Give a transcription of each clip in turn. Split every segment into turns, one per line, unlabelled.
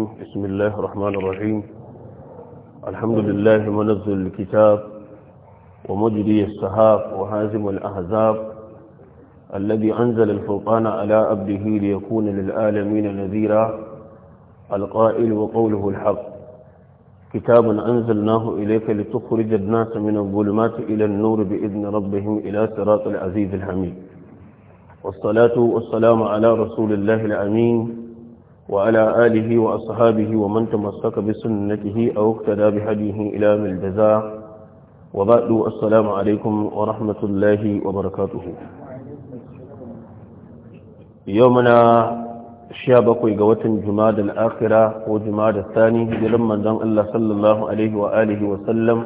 بسم الله الرحمن الرحيم الحمد لله منزل الكتاب ومجري السحاب وهازم الأحزاب الذي أنزل الفرقان على عبده ليكون للعالمين نذيرا القائل وقوله الحق كتاب أنزلناه إليك لتخرج الناس من الظلمات إلى النور بإذن ربهم إلى صراط العزيز الحميد والصلاة والسلام على رسول الله الأمين وعلى آله وأصحابه ومن تمسك بسنته أو اقتدى بهديه إلى من الجزاء وبعد السلام عليكم ورحمة الله وبركاته يومنا شابك قوة جماد الآخرة وجماد الثاني لما دان الله صلى الله عليه وآله وسلم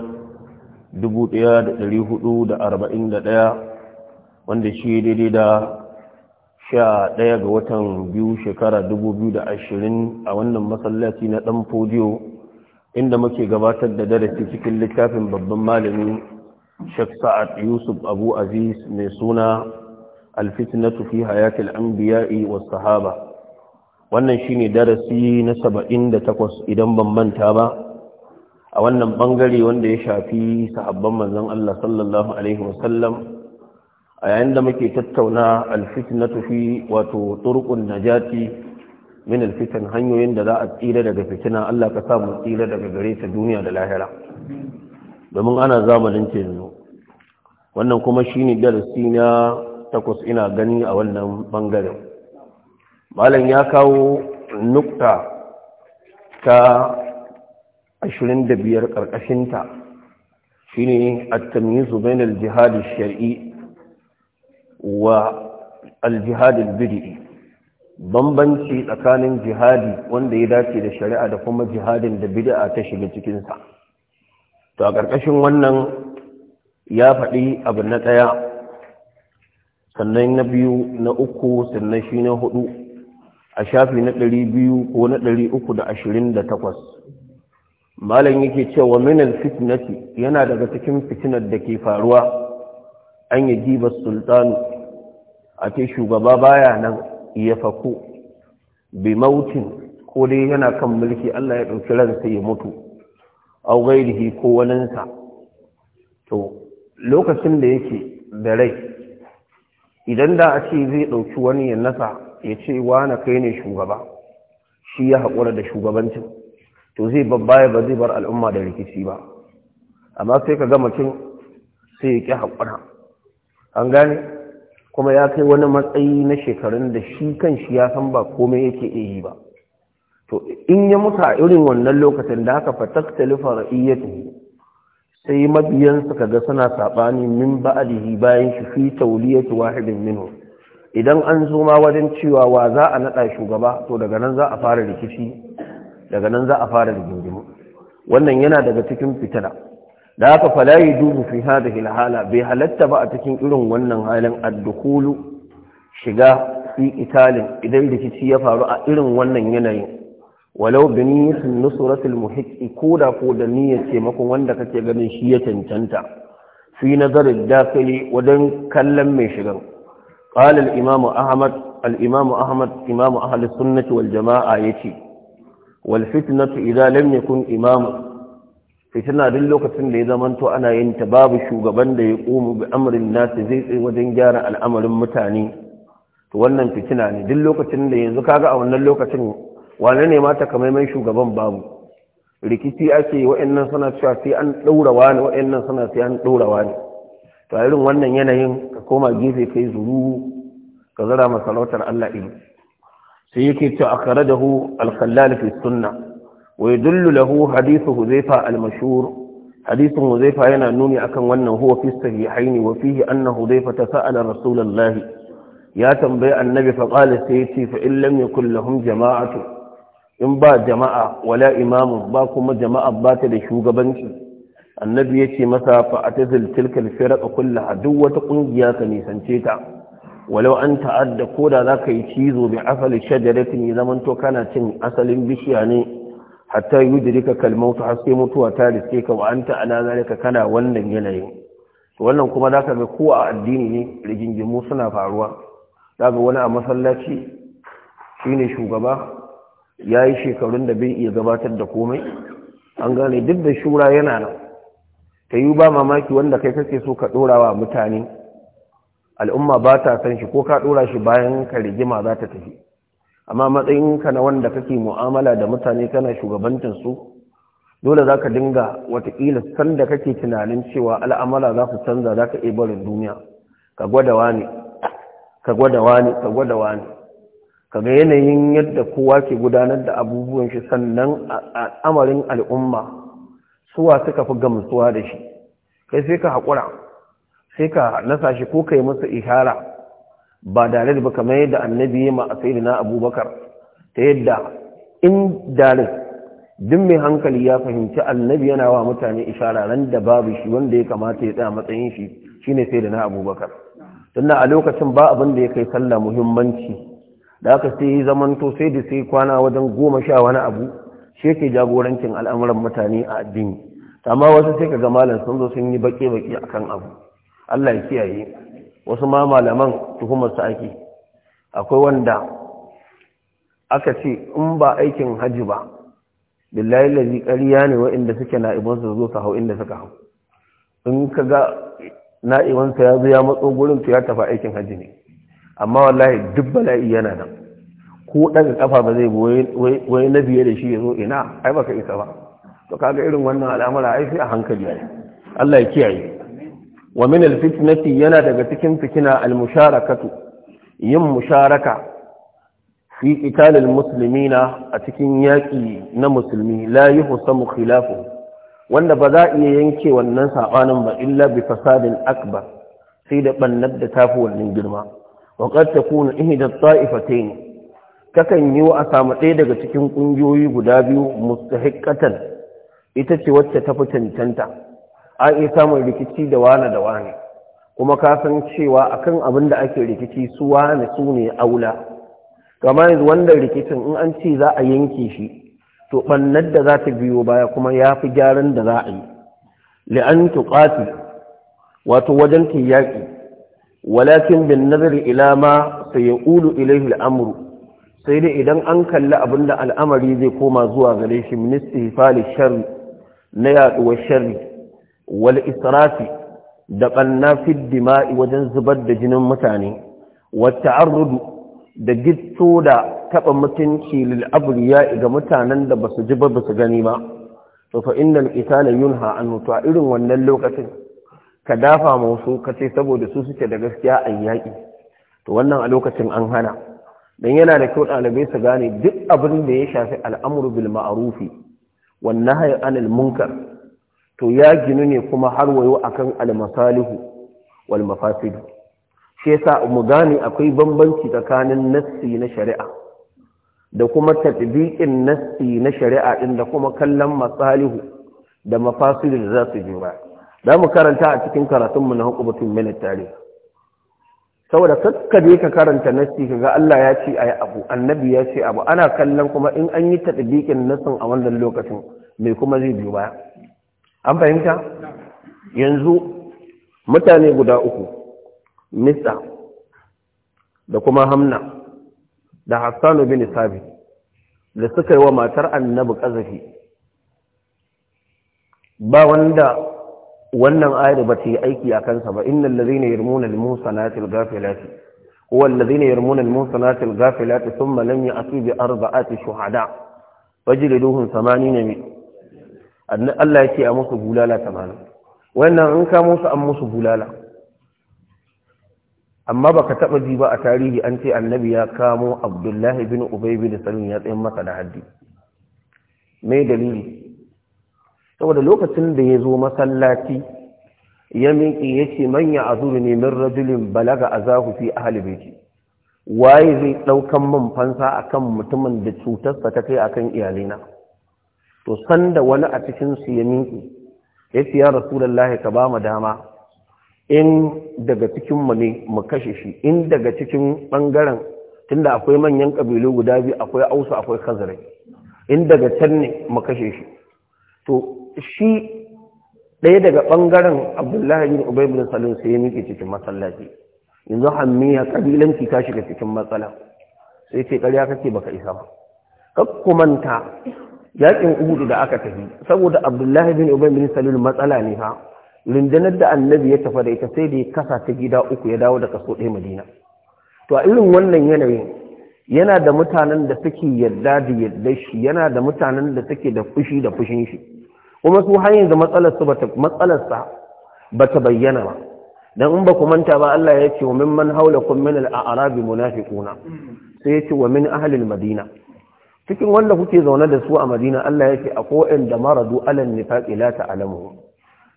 دبوت يا دليه دود أربعين دا wanda shi daidai da sha ɗaya ga watan biyu shekara dubu biyu da ashirin a wannan masallaci na ɗan fodiyo inda muke gabatar da darasi cikin littafin babban malami Sheikh sa'ad yusuf abu aziz mai suna alfitnatu fi hayatil anbiya'i was sahaba wannan shine darasi na saba'in da takwas idan ban manta ba a wannan bangare wanda ya shafi sahabban manzon Allah sallallahu alaihi wasallam a yayin da muke tattauna alfitnatu tufi wato turqun najati min alfitan hanyoyin da za a tsira daga fitina Allah ka sa mu tsira daga gare ta duniya da lahira domin ana zamanin ta yanzu wannan kuma shine darasi na takwas ina gani a wannan bangaren malam ya kawo nukta ta 25 karkashinta shine at-tamyiz bainal jihad ash-shar'i wa aljihadin bid'i bambanci tsakanin jihadi wanda ya dace da shari'a da kuma jihadin da bid'a ta shiga cikinsa to a ƙarƙashin wannan ya faɗi abu na ɗaya sannan na biyu na uku sannan shi na hudu a shafi na ɗari biyu ko na ɗari uku da ashirin da takwas malam yake cewa minal fitnati yana daga cikin fitinar da ke faruwa an yi jibar sultanu a shugaba baya nan ya fako bi mautin ko dai yana kan mulki Allah ya ɗauki ransa ya mutu au gairihi ko waninsa to lokacin da yake da rai idan da a ce zai ɗauki wani ya nasa ya ce na kai ne shugaba shi ya haƙura da shugabancin to zai babbaya ba zai bar al'umma da rikici ba amma sai ka ga mutum sai ya ƙi haƙura an gane kuma ya kai wani matsayi na shekarun da shi kan shi ya san ba komai yake ehi yi ba to in ya mutu a irin wannan lokacin da haka fatakhtalifa ra'iyatuhu sai mabiyan ka ga suna sabani min ba'dihi bayan shi fi tawliyati wahidin minhu idan an zo ma wajen cewa wa za a nada shugaba to daga nan za a fara rikici daga nan za a fara rigingimu wannan yana daga cikin fitina da haka falayi dubu fi da hilhala bai halatta ba a cikin irin wannan halin ad shiga fi italin idan rikici ya faru a irin wannan yanayin walau bi niyyatin nusratil muhiqqi koda ko da niyyar makon wanda kake ganin shi ya cancanta fi nazarin dakili wajen kallon mai shigan qala al-imam ahmad al-imam ahmad imam ahli sunnati wal jamaa yace wal fitnatu idza lam yakun imamu fitina duk lokacin da ya zamanto ana yin ta babu shugaban da ya ƙumu bi amrin nasu zai tsaye wajen gyara al'amarin mutane to wannan fitina ne duk lokacin da yanzu kaga a wannan lokacin wane ne mata kamaiman shugaban babu rikici ake wa'annan suna cewa sai an ɗaura wani wa'annan suna sai an ɗaura wani to irin wannan yanayin ka koma gefe kai zuru ka zara masarautar Allah ilu sai yake cewa akharajahu al-khallal fi sunnah ويدل له حديث حذيفة المشهور حديث حذيفة هنا نوني أكن وأنه هو في الصحيحين وفيه أن حذيفة سأل رسول الله يا تنبي النبي فقال سيتي فإن لم يكن لهم جماعة إن با جماعة ولا إمام باكم جماعة بات لشوق بنشي النبي يتي مسا فأتزل تلك الفرق كل عدوة قنجياك نيسانتيتا ولو أن تعد كودا ذاك يتيزو بعفل شجرة إذا من تو كانت أصل بشياني يعني hatta yudrika kalmautu har sai mutuwa ta riske ka wa anta kana wannan yanayin wannan kuma zaka ga ko a addini ne rigingimu suna faruwa daga wani a masallaci shine shugaba yayi shekarun da bai iya gabatar da komai an gane duk da shura yana nan ta yi ba mamaki wanda kai kake so ka wa mutane al'umma ba ta san shi ko ka dora shi bayan ka rigima za ta tafi amma ka na wanda kake mu'amala da mutane kana shugabancin su dole za ka dinga watakila sanda kake tunanin cewa al'amala za su canza za ka barin duniya ka gwadawa ne ka gwada wani ka gwada wani ka ga yanayin yadda kowa ke gudanar da abubuwan shi sannan al'amarin al'umma suwa suka fi gamsuwa da shi kai sai ka haƙura sai ka nasa shi ko kai masa ihara. ba direct ba kamar yadda annabi ya ma na abubakar ta yadda in dare din mai hankali ya fahimci annabi yana wa mutane ishara ran da babu shi wanda ya kamata ya tsaya matsayin shi shine sai da na abubakar tunda a lokacin ba abin da ya kai sallah muhimmanci da aka sai zamanto sai da sai kwana wajen goma sha wani abu shi yake jagorancin al'amuran mutane a addini amma wasu sai ka ga malam sun zo sun yi baƙe-baƙe akan abu Allah ya kiyaye wasu ma malaman tuhumarsa ake akwai wanda aka ce in ba aikin haji ba billahi lalzi kariya ne wa'inda suke na'ibansa zo su hau inda suka hau in ka ga na'ibansa ya zo ya matso gurin to ya tafi aikin haji ne amma wallahi duk bala'i yana nan ko ɗaga kafa ba zai wai na biye da shi ya zo ina ai ba ka isa ba to kaga irin wannan al'amura ai sai a hankali Allah ya kiyaye wa min alfitnati yana daga cikin fitina almusharakatu yin musharaka fi qitalil muslimina a cikin yaƙi na musulmi la yuhsamu khilafu wanda ba za a iya yanke wannan sabanin ba illa bi fasadin akbar sai da bannar da tafi wannan girma wa qad takunu ihda ta'ifatayn kakan yi wa a samu ɗaya daga cikin ƙungiyoyi guda biyu mustahiqqatan ita ce wacce ta fi cancanta an yi samun rikici da wane da wane kuma ka san cewa akan abin da ake rikici su wane su ne aula kama yanzu wanda rikicin in an ce za a yanke shi to bannar da za ta biyo baya kuma ya fi gyaran da za a yi li'an tuqati wato wajen tiyaki walakin bin nazari ila ma ya ilayhi al-amru sai dai idan an kalli abin da al'amari zai koma zuwa gare shi ministi hifali shari na Yaɗuwar shari wal israfi da ɓanna fid dima'i wajen zubar da jinin mutane an rudu da gitto da taɓa mutunci lil'abriya ga mutanen da ba su ji ba ba su gani ba to fa innal qitala yunha an mutu a irin wannan lokacin ka dafa musu ka ce saboda su suke da gaskiya a yaƙi to wannan a lokacin an hana dan yana da kyau ɗalibai su gane duk abin da ya shafi al'amru bil ma'arufi wan nahyi anil munkar to ya ginu ne kuma har wayo akan almasalihu wal mafasidu shi yasa mu gane akwai bambanci tsakanin nassi na shari'a da kuma tatbiqin nassi na shari'a Inda kuma kallon masalihu da mafasidu da za su jura za mu karanta a cikin karatunmu na hukumatun min saboda kakkabe ka karanta nassi kaga Allah ya ce ayi abu annabi ya ce abu ana kallon kuma in an yi tatbiqin nassin a wannan lokacin me kuma zai biyo baya an fahimta yanzu mutane guda uku nisa da kuma hamna da hassanu bin sabi da suka yi wa matar annabi ƙazafi ba wanda wannan ayar ba ta yi aiki a kansa ba inna lalzina yarmuna al-musanatil ghafilati huwa na yarmuna al-musanatil sun thumma a ya'tu bi arba'ati shuhada samani na mai Allah ya ce a musu bulala tamanin wannan in kamo su an musu bulala amma baka taɓa ji ba a tarihi an ce annabi ya kamo abdullahi bin ubay bin salim ya tsayin masa da haddi mai dalili saboda lokacin da ya zo masallaci ya miƙi ya ce manya a zuru ne min rajulin balaga a zahu fi ahli baiti waye zai ɗaukan man fansa akan mutumin da cutarsa ta kai akan iyalina to sanda wani a cikin su ya miƙe yace ya ka ba mu dama in daga cikin mu ne mu kashe shi in daga cikin bangaren tunda akwai manyan kabilu guda biyu akwai Ausa akwai kazare, in daga can ne mu kashe shi to shi ɗaya daga bangaren Abdullahi bin Ubay bin salim sai ya miƙe cikin masallaci yanzu hammiya kabilanci ta shiga cikin matsala sai ce ƙarya kake baka isa ba kakkumanta Yaƙin uhudu da aka tafi saboda abdullahi bin ubay bin salul matsala ne ha rundunar da annabi ya tafi da ita sai da ya kasa ta gida uku ya dawo da kaso ɗaya madina to a irin wannan yanayin yana da mutanen da suke yadda da yadda shi yana da mutanen da suke da fushi da fushin shi kuma su har yanzu matsalarsa bata matsalarsa bata bayyana ba dan in ba ku manta ba Allah ya ce wa mimman haulakum min al-a'rabi munafiquna sai ya ce wa min ahli al-madina cikin wanda kuke zaune da su a madina Allah yake a ko'in da maradu alan nifaqi la ta'lamu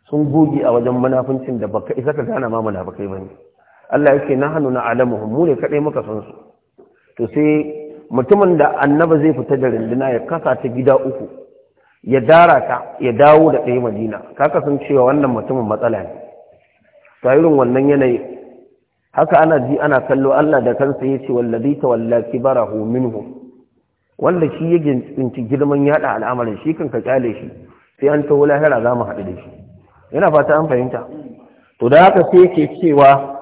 sun goge a wajen munafincin da baka isa ka gana ma munafikai bane Allah yake nahnu na'lamuhum mu ne kadai muka san su to sai mutumin da annaba zai fita da rinduna ya kasa ta gida uku ya dara ta ya dawo da ɗaya madina ka cewa wannan mutumin matsala ne ta irin wannan yanayi haka ana ji ana kallo Allah da kansa yace wallazi tawalla kibarahu minhum wanda shi ya tsinci girman yada al'amarin shi kan ka kyale shi sai an taho lahira za mu haɗu da shi yana fata an fahimta to da haka sai ke cewa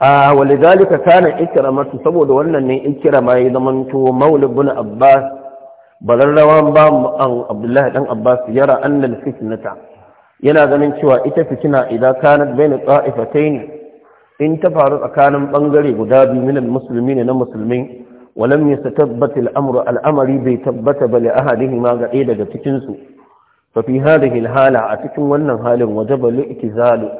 a walidalika kana ikramatu saboda wannan ne ikirama ya zamanto maulid bin abbas balarrawan ba an abdullahi dan abbas yara annal fitnata yana ganin cewa ita fitina idan kanat baina qa'ifatayn in ta faru tsakanin bangare guda biyu minal muslimin na musulmi ولم يتثبت الأمر الأمر بيتبت بل أهدهما قعيدة تكنسو ففي هذه الحالة أتكن ونن حال وجب الاتزال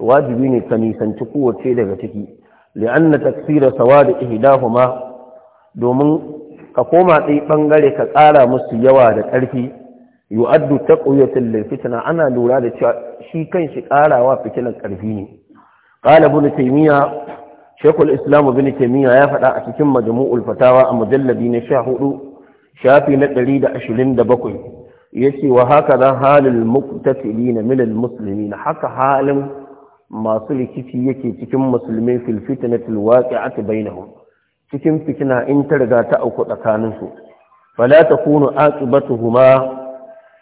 واجبين كنيسا تقوى تيدة تكي لأن تكثير سواد إهداهما دومن كقوما تيبنغل كقارا مسيوا لتألفي يؤد تقوية للفتنة أنا لولاد شي كان شقارا وفتنة كالفيني قال ابن تيمية shekul islamu bin taimiyya ya faɗa a cikin majmu'ul fatawa a mujallabi na sha hudu shafi na ɗari da ashirin da bakwai ya ce wa haka za halin muktasili na milal musulmi na haka halin masu rikici yake cikin musulmi fil fitnatil waqi'ati bainahum cikin fikina in ta riga ta auku tsakaninsu fala takunu aqibatuhuma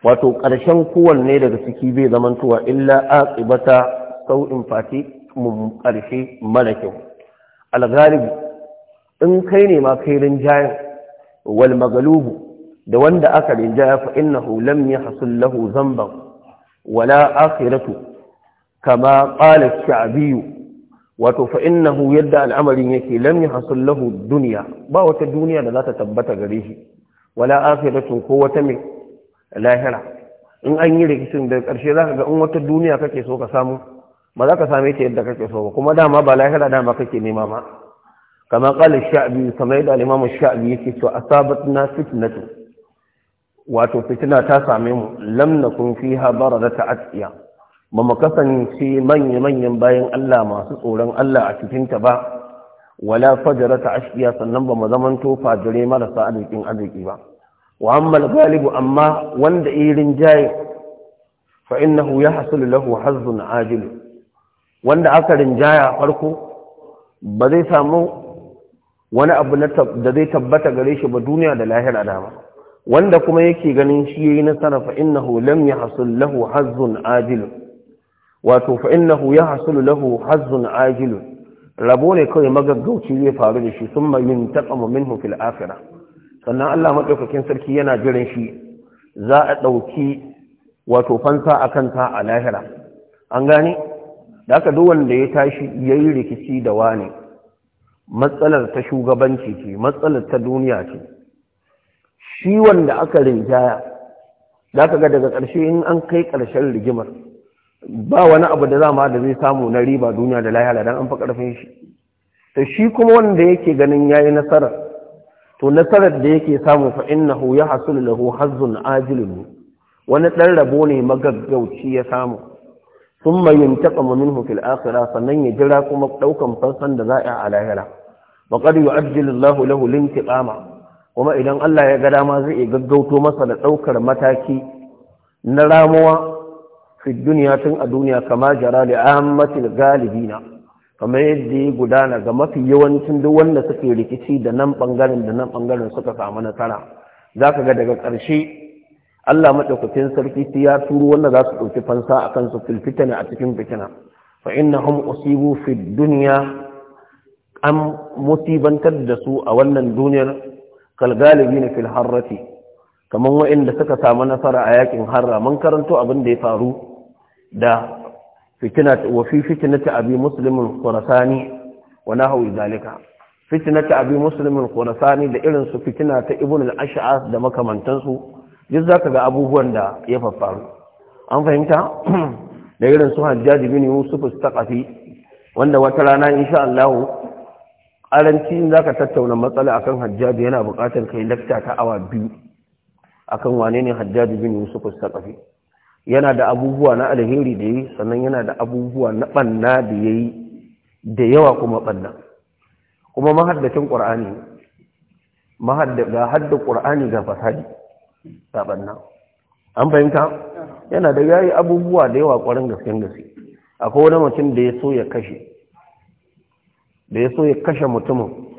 wato ƙarshen kowanne daga ciki bai zamantuwa illa aqibata sau'in fati mun ƙarshe mara kyau alghalibu in kai ne ma kai rinjayen wal magalubu da wanda aka rinjaya fa innahu lam yahsul lahu zamban wala akhiratu kama qala ash-sha'bi wato fa innahu yadda al'amarin yake lam yahsul lahu dunya ba wata duniya da za ta tabbata gare shi wala akhiratu ko wata mai lahira in an yi rikicin da ƙarshe za ka ga in wata duniya kake so ka samu ba za ka same ta yadda kake so ba kuma dama ba lahira dama kake nema ba kamar qala sha'bi kamar yadda al-imam sha'bi yake cewa asabatna fitnatu wato fitina ta same mu lam nakun fiha baradat atiya ba mu kasance manya manyan bayan Allah masu tsoron Allah a cikin ta ba wala ta ashiya sannan ba mu zamanto fajire marasa arzikin arziki ba wa amma galibu amma wanda irin jaye fa innahu yahsulu lahu hazzun ajilu wanda aka rinjaya farko ba zai samu wani abu da zai tabbata gare shi ba duniya da lahira dama wanda kuma yake ganin shi yayi nasara fa innahu lam yahsul lahu hazzun ajil wato fa innahu yahsul lahu hazzun ajil rabo ne kawai magaggauci zai faru da shi summa yin minhu fil akhirah sannan Allah madaukakin sarki yana jiran shi za a dauki wato fansa akan ta a lahira an gane da aka duk wanda ya tashi ya yi rikici da wane matsalar ta shugabanci ce matsalar ta duniya ce shi wanda aka rinjaya da aka ga daga ƙarshe in an kai ƙarshen rigimar ba wani abu da zama da zai samu na riba duniya da lahiya don an fi ƙarfin shi ta shi kuma wanda yake ganin ya yi nasarar, to nasarar da yake samu fa innahu yahsul lahu hazzun ajilun wani ɗan rabo ne magaggauci ya samu sun mayin taɓa mamin hukil akira sannan ya jira kuma ɗaukan fansan da za a yi a lahira ba ƙar yi ajiyar Allah lahu lin tiɓama kuma idan Allah ya ga dama zai gaggauto masa da ɗaukar mataki na ramuwa fi duniya tun a duniya kama jara da ahammati da galibina kamar yadda ya gudana ga mafi yawancin duk wanda suke rikici da nan ɓangaren da nan ɓangaren suka samu nasara za ka ga daga ƙarshe Allah madaukakin sarki su ya turo wanda za su ɗauki fansa akan su fil a cikin fikina. fa hum usibu an dunya am musibantar da su a wannan duniyar kal galibina fil harrati kaman wa'inda suka samu nasara a yakin harra mun karanto abin da ya faru da fitina wa fi fitnati abi muslimin qurasani wa nahwi zalika fitnati abi muslimin qurasani da irin su fitina ta ibn al-ash'as da makamantansu duk za ka ga abubuwan da ya faffaru an fahimta da irin su hajjaji bin yusuf taqafi wanda wata rana insha Allah aranci za ka tattauna matsala akan hajjaji yana buƙatar kai lakta ta awa biyu akan wane ne hajjaji bin yusuf taqafi yana da abubuwa na alheri da yi sannan yana da abubuwa na banna da yayi da yawa kuma banna kuma mahaddacin qur'ani mahadda hadda qur'ani ga fasadi saban nan an fahimta yana da yayi abubuwa da yawa kwarin gasken gaske akwai wani mutum da ya so ya kashe da ya so ya kashe mutumin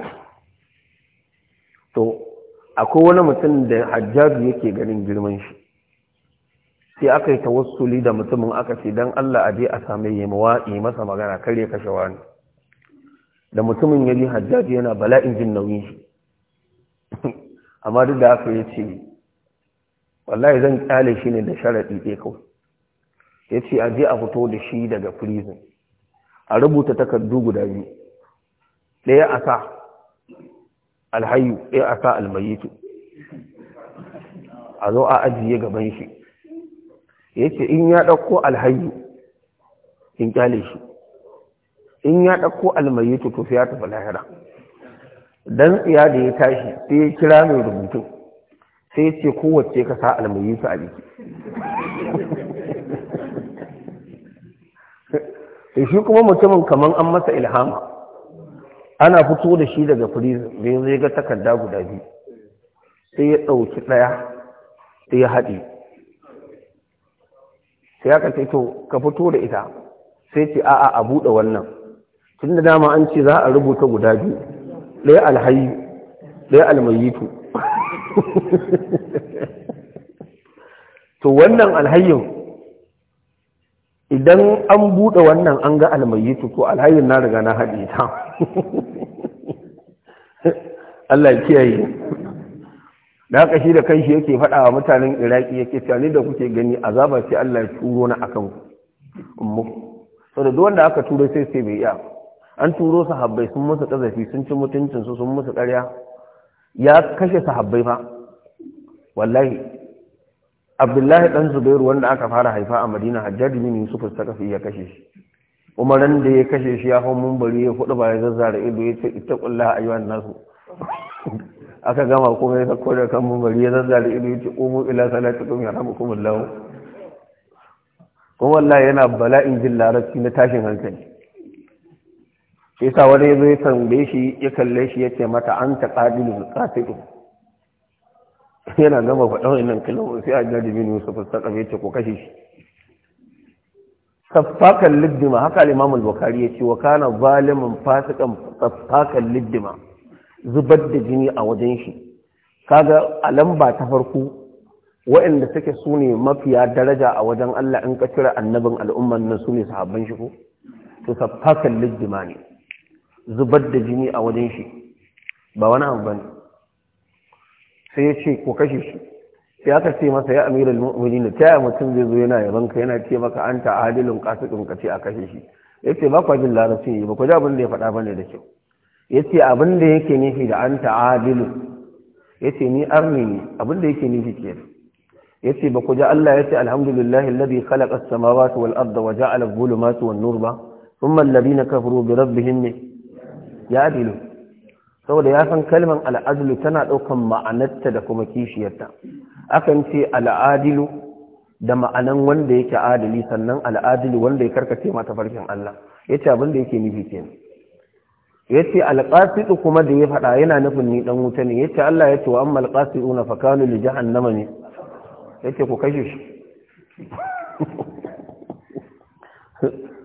to akwai wani mutum da hajjaji yake ganin girman shi sai aka yi tawassuli da mutumin aka ce don Allah a je a same yi masa magana kar ya kashe wani da mutumin ya ji hajjaji yana bala'in jin nauyin shi amma duk da aka yi ce wallahi zan kyale shi ne da sharaɗi ɗaya kawai ya ce a je a fito da shi daga prison a rubuta takardu guda biyu ɗaya a sa alhayu ɗaya a sa almayitu a zo a ajiye gaban shi ya ce in ya ɗauko alhayu in kyale shi in ya ɗauko almayitu to fiya ya tafi lahira dan iya da ya tashi sai ya kira mai rubutun sai ce kowace ka sa almuyi su a jiki shi kuma mutumin kamar an masa ilhama ana fito da shi daga prison da ya zai ga takarda guda biyu sai ya ɗauki ɗaya sai ya haɗe sai ya kace to ka fito da ita sai ce a'a a buɗe wannan tun da dama an ce za a rubuta guda biyu ɗaya alhayi ɗaya almayitu to wannan alhayyin idan an buɗe wannan an ga almayyitu to alhayyin na riga na haɗe ta Allah ya kiyaye da haka shi da kanshi yake faɗa wa mutanen iraki yake tani da kuke gani azaba sai Allah ya turo na akan mu so da wanda aka turo sai sai bai iya an turo sahabbai sun musu kazafi sun ci mutuncin su sun musu ƙarya ya kashe sahabbai ma wallahi abdullahi dan zubairu wanda aka fara haifa a madina hajjaji bin yusuf kafi ya kashe shi umaran da ya kashe shi ya hau mumbari ya hudu ba ya zazzara ido ya ce ita kullaha ayyuhan nasu aka gama kuma ya sako da kan mumbari ya zazzara ido ya ce umu ila salatikum yarhamukumullahu kuma wallahi yana bala'in jin larabci na tashin hankali shi sa wani ya zo tambaye shi ya kalle shi ya ce mata an ta ƙadilu ƙasidu. yana gama faɗa nan kalmar sai a jaji bin yusuf ta ƙabe ce ko kashe shi safakan liddima haka al bukari ya ce wa kana Valimin fasikan safakan liddima zubar da jini a wajen shi kaga a lamba ta farko waɗanda suke su ne mafiya daraja a wajen Allah in ka cire annabin al'ummar nan su ne sahabban shi ko to safakan liddima ne zubar da jini a wajen shi ba wani abu bane sai ya ce ko kashe shi sai aka ce masa ya amiral mu'minin ta mutum zai zo yana yaban ka yana ce maka anta adilun qasidun ka ce a kashe shi yace ba kwa jin larabci ba ku da abin da ya faɗa bane da kyau yace abin da yake nufi da anta adilun yace ni arni ne abin da yake nufi ke yace ba ku ji Allah yace alhamdulillah alladhi khalaqa as-samawati wal arda wa ja'ala adh-dhulumati wan-nur ba thumma alladhina kafaru bi rabbihim ya saboda ya san kalmar al'adilu tana ɗaukan ma'anarta da kuma kishiyarta akan ce al'adilu da ma'anan wanda yake adali sannan al'adilu wanda ya karkace mata farkin Allah ya ce abin da yake nufi kenan ya ce alƙasidu kuma da ya faɗa yana nufin ni dan wuta ne ya ce Allah ya ce wa amma alƙasidu na fakanu li jahannama ne ya ce ku kashe shi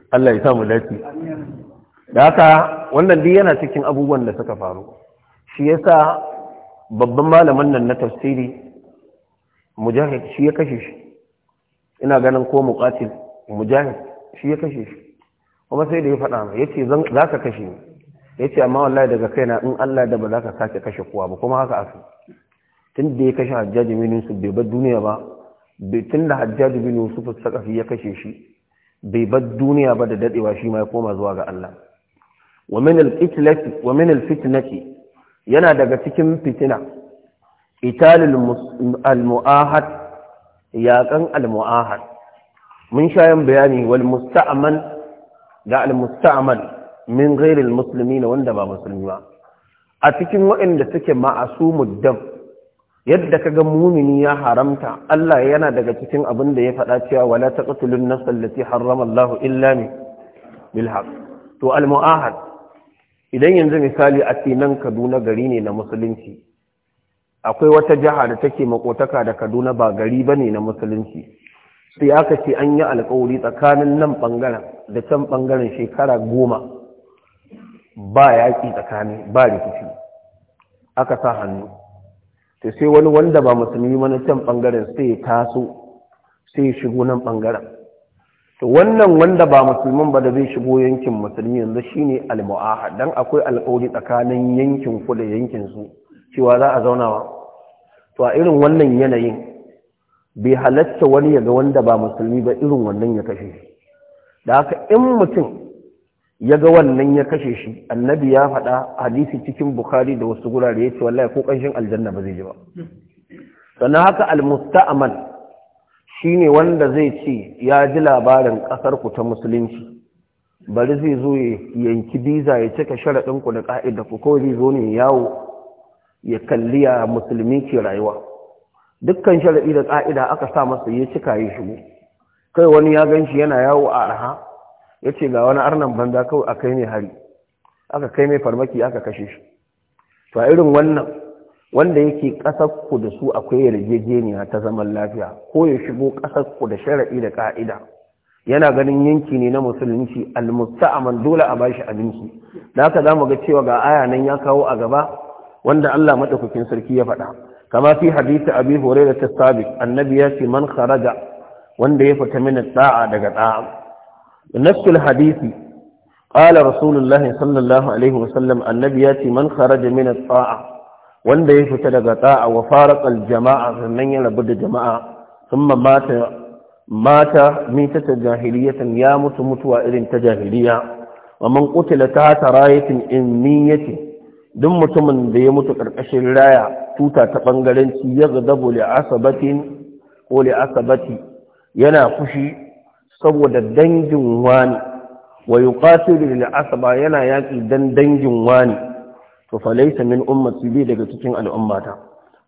Allah ya samu dace da haka wannan duk yana cikin abubuwan da suka faru shi yasa babban malamin nan na tafsiri mujahid shi ya kashe shi ina ganin ko muqatil mujahid shi ya kashe shi kuma sai da ya faɗa mai yace za ka kashe ni yace amma wallahi daga kaina in Allah da ba za ka sake kashe kowa ba kuma haka aka tun da ya kashe hajjaji bin yusuf bai bar duniya ba tun da hajjaji bin yusuf sakafi ya kashe shi bai bar duniya ba da dadewa shi ma ya koma zuwa ga Allah wa min al yana daga cikin fitina italul almu'ahad, muahad almu'ahad. mun shayan bayani wal musta'man da al-musta'man min ghairi al-muslimin wanda ba musulmi ba a cikin waɗanda suke ma'asu dam yadda kaga mumini ya haramta Allah yana daga cikin abin da ya faɗa cewa wala taqtulun nafsal lati harrama Allah illa bil haqq to al mu'ahad idan yanzu misali a ce nan kaduna gari ne na musulunci akwai wata jiha da take makotaka da kaduna ba gari ba ne na musulunci sai aka ce an yi alkawari tsakanin nan ɓangaren da can ɓangaren shekara goma ba yaƙi tsakani ba rikici aka sa hannu sai wani wanda ba musulmi mana can ɓangaren sai ya taso sai ya shigo nan ɓangaren to wannan wanda ba musulman ba da zai shigo yankin musulmi yanzu shine al-mu'ahad dan akwai alƙawari tsakanin yankin ku da yankin su cewa za a zauna ba. to a irin wannan yanayin bai halatta wani yaga wanda ba musulmi ba irin wannan ya kashe shi da haka in mutum ya ga wannan ya kashe shi annabi ya faɗa hadisi cikin bukhari da wasu gurare ya ce wallahi ko ƙanshin aljanna ba zai ji ba sannan haka al Shi ne wanda zai ce ya ji labarin ƙasar ku ta musulunci bari zai zo ya yanki biza ya cika sharaɗin ku da ƙa'ida ku kawai zai zo ne yawo ya kalli ya musulmi ke rayuwa dukkan sharaɗi da ƙa'ida aka sa masa ya cika ya shigo kai wani ya ganshi yana yawo a arha ya ce ga wani arnan banza kawai a kai ne hari aka kai mai farmaki aka kashe shi to a irin wannan wanda yake ƙasarku da su akwai yarjejeniya ta zaman lafiya ko ya shigo ƙasarku da shara'i da ƙa'ida yana ganin yanki ne na musulunci almusta'aman dole a bashi abinci da haka zamu ga cewa ga aya nan ya kawo a gaba wanda Allah madaukakin sarki ya faɗa kama fi hadisi abi hurairah ta sabiq annabi ya ce man kharaja wanda ya fita min da'a daga da'a nasul hadisi qala rasulullahi sallallahu alaihi wasallam annabi ya ce man kharaja min da'a wanda ya fita daga ta'a wa farakal jama'a sannan ya rabu da jama'a sun mata mata mitata jahiliyatan ya mutu mutuwa irin ta jahiliya wa man qutila tahta rayatin niyyati duk mutumin da ya mutu karkashin raya tuta ta bangaranci ya gadabu li asabatin ko li asabati yana fushi saboda dangin wani wa yuqatilu li asaba yana yaki dan dangin wani to falaisa min ummati bi daga cikin al'ummata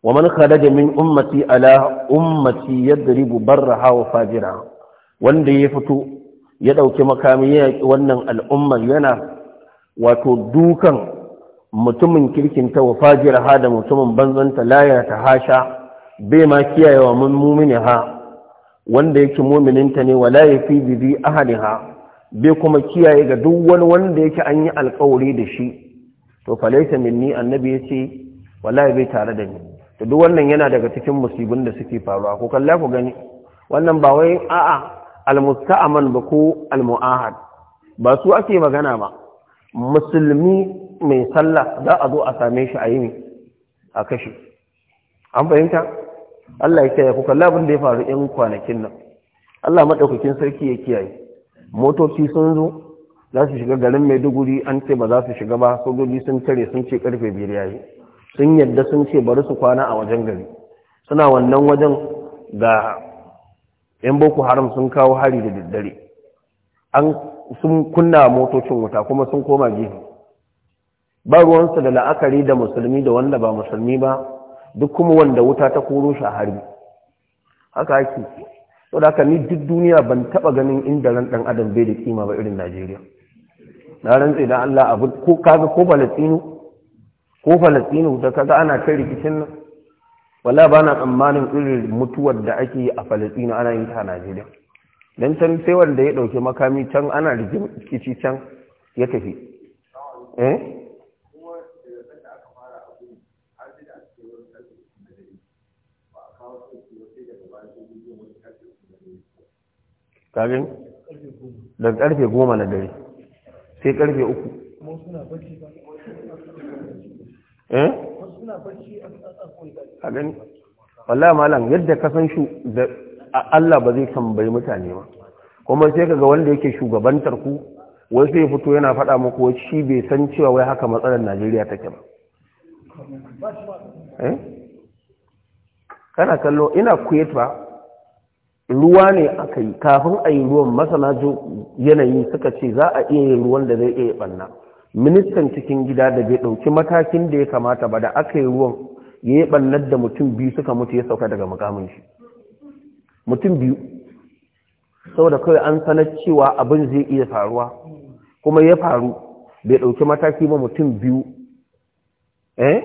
wa man kharaja min ummati ala ummati yadribu barraha wa fajira wanda ya fito ya dauki makami ya yaki wannan al'umma yana wato dukan mutumin kirkin ta wa fajira ha da mutumin banzanta layar ta hasha bai ma kiyayewa mun mumini ha wanda yake mumininta ne wala yafi bi ha, bai kuma kiyaye ga duk wani wanda yake an yi alkawari da shi to falaita minni annabi ya ce wallahi bai tare da ni to duk wannan yana daga cikin musibin da suke faruwa ko kalla ku gani wannan ba wai a'a almusta'aman ba ko almu'ahad ba su ake magana ba musulmi mai sallah za a zo a same shi a yi a kashe an fahimta Allah ya kiyaye ku kalla abin da ya faru in kwanakin nan Allah madaukakin sarki ya kiyaye motoci sun zo za su shiga garin maiduguri an ce ba za su shiga ba sojoji sun tare sun ce karfe biyar yayi sun yadda sun ce bari su kwana a wajen gari suna wannan wajen ga yan boko haram sun kawo hari da daddare an sun kunna motocin wuta kuma sun koma gefe ba ruwansu da la'akari da musulmi da wanda ba musulmi ba duk kuma wanda wuta ta koro shi a harbi haka ake to haka ni duk duniya ban taba ganin inda ran dan adam bai da kima ba irin Najeriya na rantsi da Allah abu ko kaga ko Falastinu ko Falastinu da kaga ana kai rikicin nan wala ba na tsammanin irin mutuwar da ake yi a Falastinu ana yin ta a Najeriya dan can sai wanda ya dauke makami can ana rikici can ya tafi eh kagin daga karfe goma na dare sai karfe uku eh? a gani malam yadda ka san shu da Allah ba zai tambayi mutane ba kuma sai kaga wanda yake shugaban tarku wai sai fito yana faɗa muku wai shi bai san cewa wai haka matsalar Najeriya take ba eh? kana kallo ina Kuwait ba ruwa ne aka yi kafin a yi ruwan masana yanayi suka ce za a iya yin ruwan da zai iya banna ministan cikin gida da bai ɗauki matakin da ya kamata ba da aka yi ruwan ya yi ɓannar da mutum biyu suka mutu ya sauka daga mukamin shi mutum biyu saboda kawai an sanar cewa abin zai iya faruwa kuma ya faru bai ɗauki mataki ba mutum biyu eh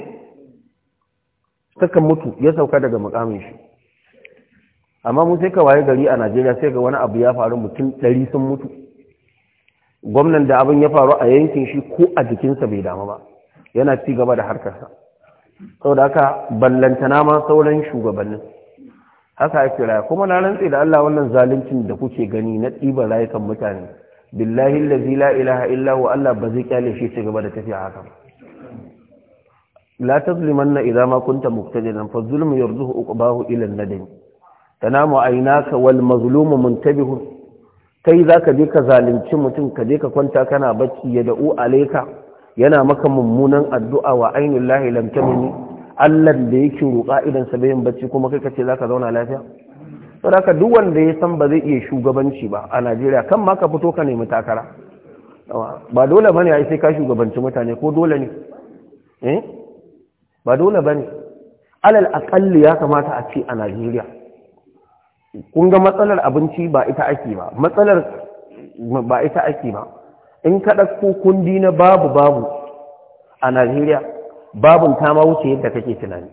suka mutu ya sauka daga mukamin shi amma musa sai ka waye gari a najeriya sai ga wani abu ya faru mutum ɗari sun mutu gwamnan da abin ya faru a yankin shi ko a jikinsa bai damu ba yana ci gaba da harkarsa da haka ballantana ma sauran shugabannin haka ya kira kuma na rantse da Allah wannan zaluncin da kuke gani na ɗiban rayukan mutane billahi allazi la ilaha illa Allah ba zai kyale shi ci gaba da tafiya haka la tazlimanna idza ma kunta muqtadiran fa zulmu yarzuhu uqbahu ila an tanamu aynaka wal mazlumu muntabihu kai zaka je ka zalunci mutum ka je ka kwanta kana bacci ya da'u alayka yana maka mummunan addu'a wa ainul lahi lam tamni Allah da yake roƙa idan sa bayin bacci kuma kai kace zaka zauna lafiya saboda duk wanda ya san ba zai iya shugabanci ba a Najeriya kan ma ka fito ka nemi takara ba dole bane ai sai ka shugabanci mutane ko dole ne eh ba dole bane alal aqalli ya kamata a ce a Najeriya kun ga matsalar abinci ba ita ake ba matsalar ba ita ake ba in ka ko kundi na babu babu a najeriya babun ta ma wuce yadda kake tunani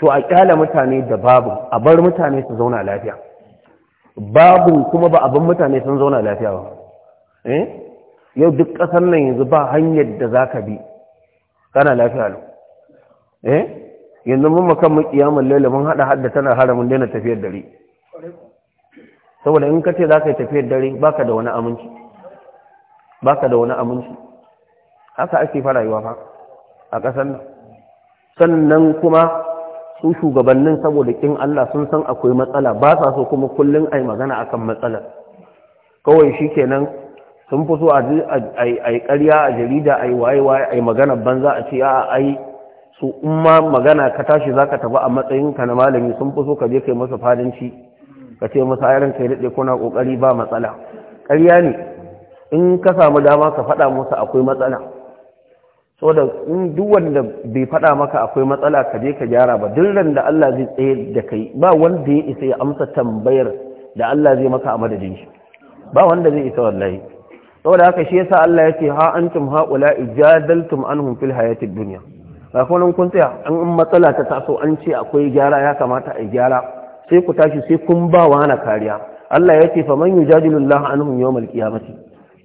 to a kyala mutane da babu a bar mutane su zauna lafiya babun kuma ba abin mutane sun zauna lafiya ba eh? yau duk ƙasar nan yanzu ba hanyar da za ka bi kana lafiya eh yanzu mun makan mu kiyamun laila mun haɗa hadda tana haramun daina tafiyar dare saboda in ka ce za ka yi tafiyar dare baka da wani aminci baka da wani aminci haka ake fara yi fa a ƙasar nan sannan kuma su shugabannin saboda kin Allah sun san akwai matsala ba sa so kuma kullum a yi magana akan matsalar kawai shi nan sun fi so a yi ƙarya a jarida a yi waye-waye a yi magana banza a ce a ai su umma magana ka tashi za ka tafi a matsayinka na malami sun fi so ka je kai masa fadanci ka ce masa ayaran kai daɗe na ƙoƙari ba matsala ƙarya ne in ka samu dama ka faɗa musu akwai matsala so da in duk wanda bai faɗa maka akwai matsala ka je ka gyara ba duk da Allah zai tsaye da kai ba wanda ya isa ya amsa tambayar da Allah zai maka a madadin shi ba wanda zai isa wallahi saboda haka shi yasa Allah ya ce ha antum haula ijadaltum anhum fil hayatid dunya ba kun kun tsaya an matsala ta taso an ce akwai gyara ya kamata a gyara sai ku tashi sai kun ba wa na kariya Allah ya ce fa man yujadilullah anhum yawmal qiyamati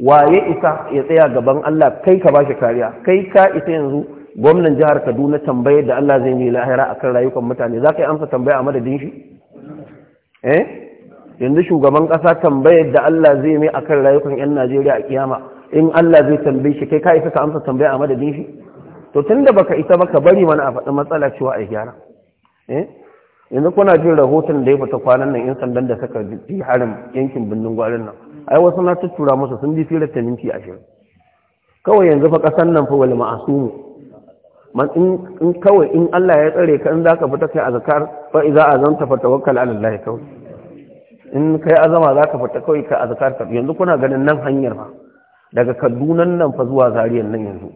waye isa ya tsaya gaban Allah kai ka ba shi kariya kai ka isa yanzu gwamnan jihar Kaduna tambayar da Allah zai yi lahira akan rayukan mutane za ka amsa tambaya a madadin shi eh yanzu shugaban kasa tambayar da Allah zai mai akan rayukan yan Najeriya a kiyama in Allah zai tambaye shi kai ka isa ka amsa tambaya a madadin shi to tunda baka isa baka bari mana a faɗi matsala cewa a gyara eh yanzu kuna jin rahoton da ya fita kwanan nan 'yan sandan da suka ji harin yankin birnin gwarin nan ai wasu na tuttura musu sun bi firar ta minti ashirin kawai yanzu fa kasan nan fa wal ma'asu man in kawai in Allah ya tsare ka in zaka fita kai azkar fa idza azamta fa tawakkal ala Allah kawai in kai azama zaka fita kawai ka azkar ka yanzu kuna ganin nan hanyar fa daga Kaduna nan fa zuwa Zariyan nan yanzu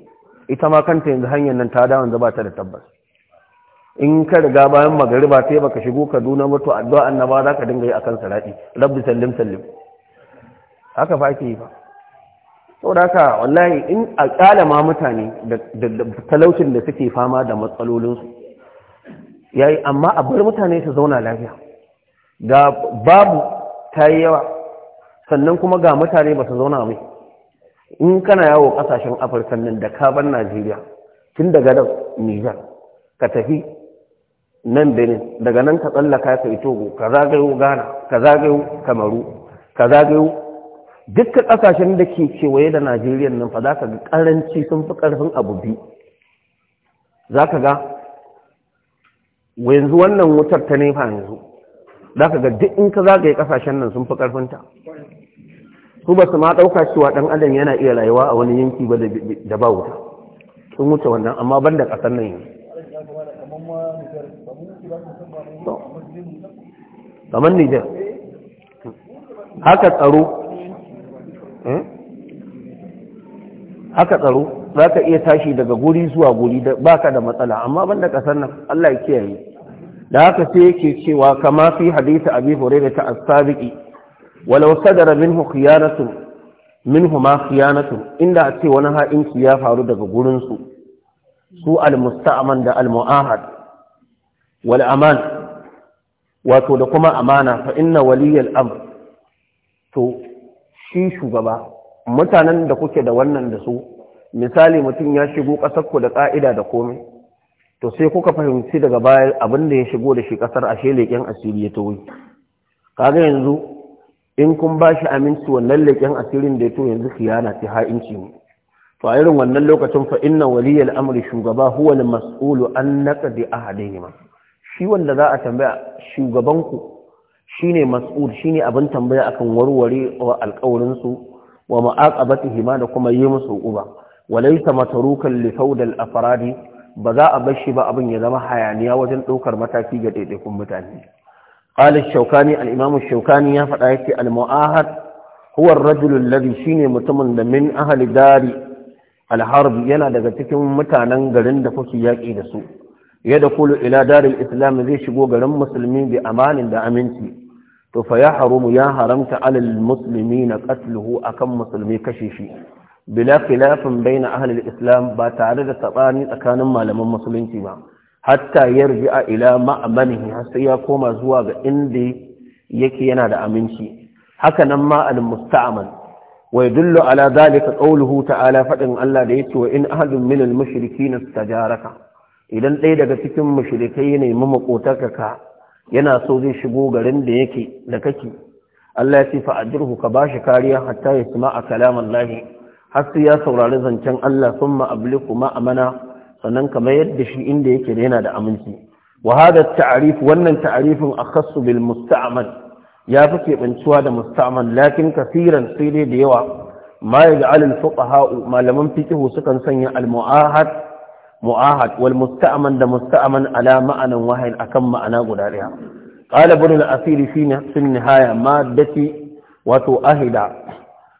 ita ma kanta yanzu hanyar nan ta dawo yanzu ba ta da tabbas in ka riga bayan magariba sai baka shigo kaduna ba to addu'a annaba za ka dinga yi akan salati rabbi sallim sallim haka fa ake yi ba da haka wallahi in a kyala ma mutane da talaucin da suke fama da matsalolinsu yayi amma a bar mutane su zauna lafiya ga babu ta yi yawa sannan kuma ga mutane ba su zauna mai in kana yawo kasashen afirka nan da kaban najeriya tun daga da nijar ka tafi nan benin daga nan ka tsallaka ka yi togo ka zagayo ghana ka zagayo kamaru ka zagayo dukkan kasashen da ke kewaye da najeriya nan fa za ka ga karanci sun fi karfin abu bi za ka ga yanzu wannan wutar ta nefa yanzu za ka ga duk in ka zagaye kasashen nan sun fi karfinta su ba su ma ɗauka cewa ɗan adam yana iya rayuwa a wani yanki ba da ba wuta sun wuce wannan amma ban da ƙasar nan yanzu kamar nijar haka tsaro eh? haka tsaro za ka iya tashi daga guri zuwa guri ba ka da matsala amma banda kasar nan Allah ya kiyaye da haka sai yake cewa kama fi hadisi abi hurairah ta as-sabiqi walau sadara minhu khiyanatun minhu ma khiyanatun inda a ce wani ha'inci ya faru daga gurinsu, su su al-musta'man da al-mu'ahad wal aman wato da kuma amana fa inna waliyal amr to shi shugaba mutanen da kuke da wannan da su misali mutum ya shigo ƙasar ku da ƙa'ida da komai to sai kuka fahimci daga baya abin da ya shigo da shi ƙasar ashe leƙen asiri ya toyi kaga yanzu in kun ba shi aminci wannan leƙen asirin da ya to yanzu khiyana ta ha'inci ne to a irin wannan lokacin fa inna waliyal amri shugaba huwa al-mas'ulu an naqdi ahadihima shi wanda za a tambaya shugabanku shine mas'ud shine abin tambaya akan warware wa alƙawarin wa ma'aqabatihi hima da kuma yi musu uba Walai ta li fawd al afradi ba za a bar shi ba abin ya zama hayaniya wajen ɗaukar mataki ga daidaikun mutane qala Shaukani shawkani al ya faɗa yake al-mu'ahad Huwar ar shine mutumin da min ahali dari al harbi yana daga cikin mutanen garin da kuke yaƙi da su ya da kulu ila daril islam zai shigo garin musulmi bi amanin da aminci to fa ya haramu ya haramta alal musulmi na katluhu akan musulmi kashe shi bila khilafin baina ahlil islam ba tare da sabani tsakanin malaman musulunci ba hatta a ila ma'amanihi har sai ya koma zuwa ga inda yake yana da aminci haka nan ma al musta'man wa yadullu ala zalika qawluhu ta'ala fadin Allah da yake wa in ahadun na ta istajaraka idan ɗaya daga cikin mushrikai ya nemi makotarka ka yana so zai shigo garin da yake da kake Allah ya ce fa ka bashi kariya hatta ya sima a kalaman lahi har sai ya saurari zancen Allah sun ma'abliku ma'amana sannan ka mayar da shi inda yake da yana da aminci wa hada ta'arif wannan ta'arifin akhassu bil musta'mal ya fi keɓancewa da musta'mal lakin kasiran sai dai da yawa ma ya ga alal fuqaha malaman fiqhu sukan sanya al mu'ahad mu'ahad wal musta'man da musta'man ala ma'anan wahayin akan ma'ana guda daya qala ibn al-asir fi sin nihaya maddati wato ahida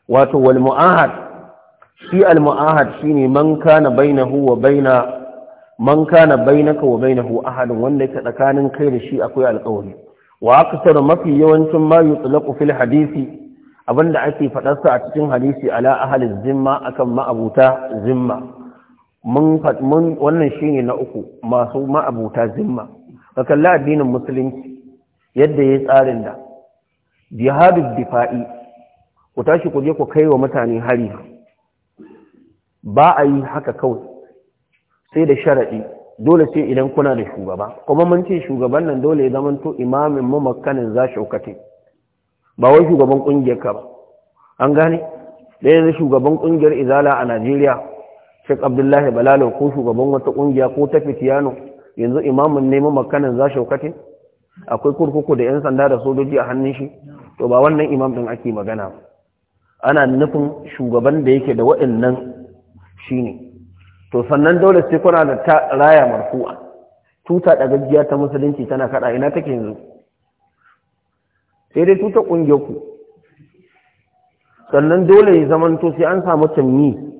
wato wal mu'ahad shi al mu'ahad shine man kana bainahu wa baina man kana bainaka wa bainahu ahadun wanda yake tsakanin kai da shi akwai alƙawari wa akthar mafi yawancin ma yutlaqu fil hadisi abinda ake faɗarsa a cikin hadisi ala ahalin zimma akan ma'abuta zimma mun wannan shine na uku masu ma'abuta zimma ka addinin musulunci yadda ya tsarin da jihadu difa'i ku tashi ku je ku kai wa mutane hari ba a yi haka kawai sai da sharaɗi dole sai idan kuna da shugaba kuma mun ce shugaban nan dole ya zamanto imamin mu Makkanin za ukate ba wai shugaban ƙungiyar ka ba an gane ɗaya shugaban ƙungiyar izala a najeriya shek Abdullahi Balalo ko shugaban wata kungiya ko ta fitiyano yanzu imamun neman makanan za shaukate akwai kurkuku da 'yan sanda da sojoji a hannun shi to ba wannan imam din ake magana ana nufin shugaban da yake da waɗannan ne. to sannan dole sai kuna da ta raya marfu'a tuta da gajiya ta musulunci tana kada ina take yanzu sai dai tuta kungiyar ku sannan dole ya zamanto sai an samu tammi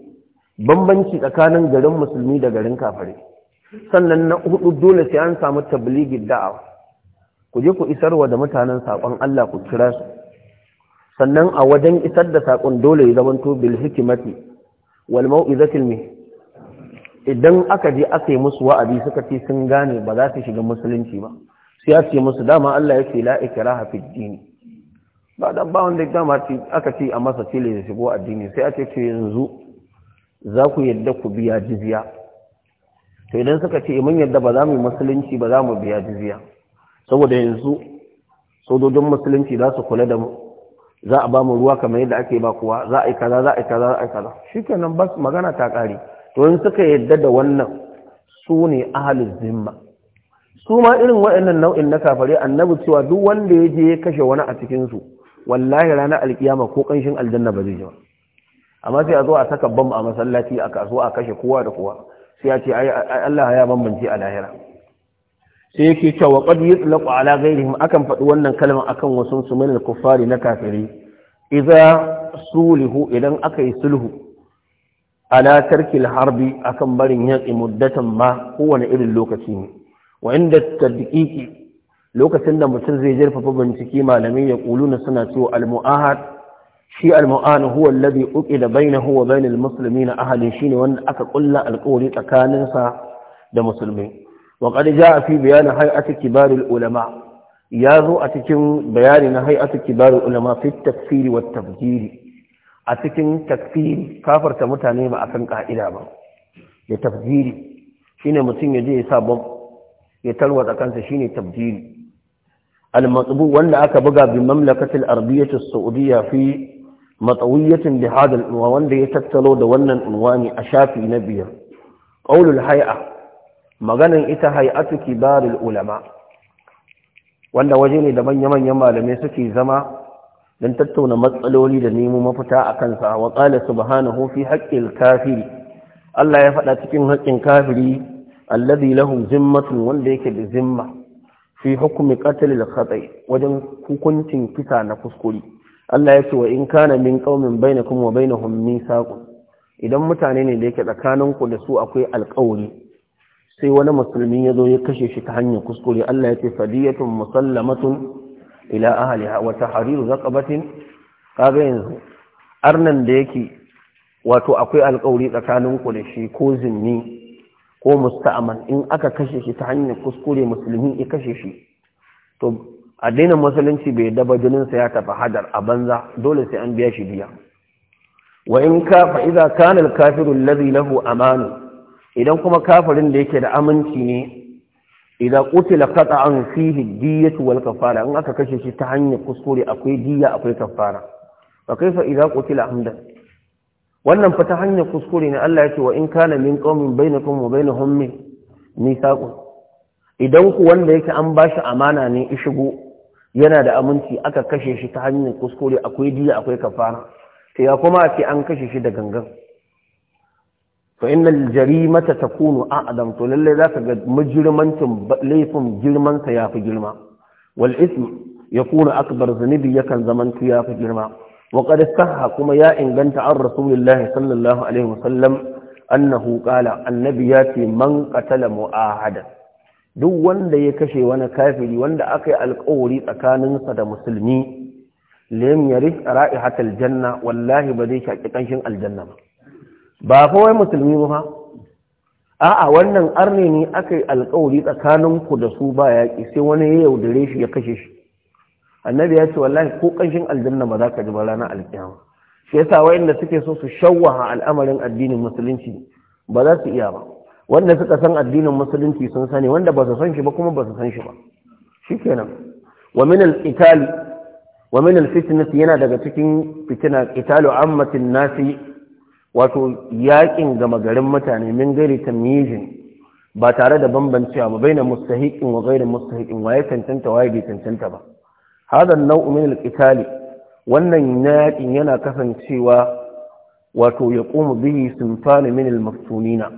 bambanci tsakanin garin musulmi da garin kafare sannan na hudu dole sai an samu tabligi da'awa ku je ku isarwa da mutanen saƙon Allah ku kira su sannan a wajen isar da saƙon dole ya zamanto bil hikimati wal mau'izatil mi idan aka je aka yi musu wa'azi suka ce sun gane ba za su shiga musulunci ba sai a ce musu dama Allah ya ce la ikraha fi din ba dan ba wanda dama aka ce a masa tile da shigo addini sai a ce yanzu za ku yadda ku biya jizya to idan suka ce eh, mun yadda ba za mu yi musulunci ba za mu biya jizya saboda yanzu sojojin musulunci za su kula da mu za a ba mu ruwa kamar yadda ake ba kuwa za a yi kaza za a yi kaza za a yi kaza shikenan bas magana ta kare to in suka yadda da wannan su ne ahalin zimma su ma irin waɗannan nau'in na kafare annabi cewa duk wanda ya je ya kashe wani a cikin su wallahi ranar alkiyama ko kanshin aljanna ba zai ji ba amma sai a zo a saka bam a masallaci a kasuwa a kashe kowa da kowa sai ya ce Allah ya bambance a lahira sai yake cewa qad yutlaqu ala ghayrihim akan faɗi wannan kalma akan wasu su kuffari na kafiri idza sulihu idan aka yi sulhu ala tarkil harbi akan barin yaki muddatan ma kowane irin lokaci ne wa inda tadqiqi lokacin da mutum zai jirfafa bincike malamai ya kuluna suna cewa al mu'ahad shi al-mu'anu huwa alladhi uqila bainahu wa bainal muslimina ahadin shine wanda aka kulla alƙawari tsakaninsa da musulmi wa qad jaa fi bayan hay'ati kibarul ulama ya zo a cikin bayani na hay'ati kibarul ulama fi takfiri wa a cikin takfiri kafarta mutane ba akan ka'ida ba Ya tabjiri shine mutum ya je ya sa Bob ya tarwata kansa shine tabjiri al-matbu wanda aka buga bi mamlakatil arabiyyatis saudiyya fi matsawiyyacin bi hadal unwa wanda ya tattalo da wannan unwani a shafi na biyar qaulul Hai'a maganin ita hay'atu kibarul ulama wanda waje ne da manya-manyan malamai suke zama don tattauna matsaloli da nemo mafita a kansa wa qala subhanahu fi haƙƙin kafiri Allah ya faɗa cikin haƙƙin kafiri allazi lahu zimmatun wanda yake da zimma fi hukumi qatl al wajen hukuncin kisa na kuskure Allah ya ce wa in kana min qaumin bainakum wa bainahum mithaqun idan mutane ne da yake tsakanin ku da su akwai alƙawari sai wani musulmi ya zo ya kashe shi ta hanyar kuskure Allah ya ce fadiyatun musallamatun ila ahliha wa tahriru zaqabatin kaga yanzu arnan da yake wato akwai alƙawari tsakanin ku da shi ko zinni ko musta'man in aka kashe shi ta hanyar kuskure musulmi ya kashe shi to addinin musulunci bai daba jininsa ya tafi hadar a banza dole sai an biya shi biya wa in ka fa idza kana al kafiru alladhi lahu amanu idan kuma kafirin da yake da aminci ne idza qutila qata'an fihi diyatu wal kafara in aka kashe shi ta hanyar kuskure akwai diyya akwai kafara fa kaifa idza qutila amda wannan fa ta hanyar kuskure ne Allah ya ce wa in kana min qaumin bainakum wa bainahum mithaqun idan ku wanda yake an bashi amana ne ya shigo yana da aminci aka kashe shi ta hanyar kuskure akwai diya akwai kafara sai ya kuma ce an kashe shi da gangan fa innal jarimata takunu a'dam to lalle zaka ga mujrimancin laifin girmansa ya yafi girma wal ism yakunu akbar zunubi yakan zaman tu fi girma wa qad sahha kuma ya inganta an rasulullahi sallallahu alaihi wasallam annahu qala annabi ya ce man qatala mu'ahadan duk wanda ya kashe wani kafiri wanda aka yi alkawari tsakaninsa da musulmi lam ra'i ra'ihatal janna wallahi ba zai shaki kanshin aljanna ba ba fa wai musulmi ba a'a wannan arne ne aka yi alkawari tsakaninku da su ba yaƙi sai wani ya yaudare shi ya kashe shi annabi ya ce wallahi ko kanshin aljanna ba za ka ji ba ranar alkiyama shi yasa wayanda suke so su shawwaha al'amarin addinin musulunci ba za su iya ba wanda suka san addinin musulunci sun sani wanda ba su san shi ba kuma ba su san shi ba kenan, wa min al wa min al yana daga cikin fitina qitalu ammatin nasi wato yakin gama garin mutane min gairi tamyizin ba tare da bambancewa ba baina mustahiqin wa ghairi mustahiqin waye tantanta waye bai tantanta ba hada nau'u min al wannan yakin yana kasancewa wato yaqumu bihi sinfan min al-maftunina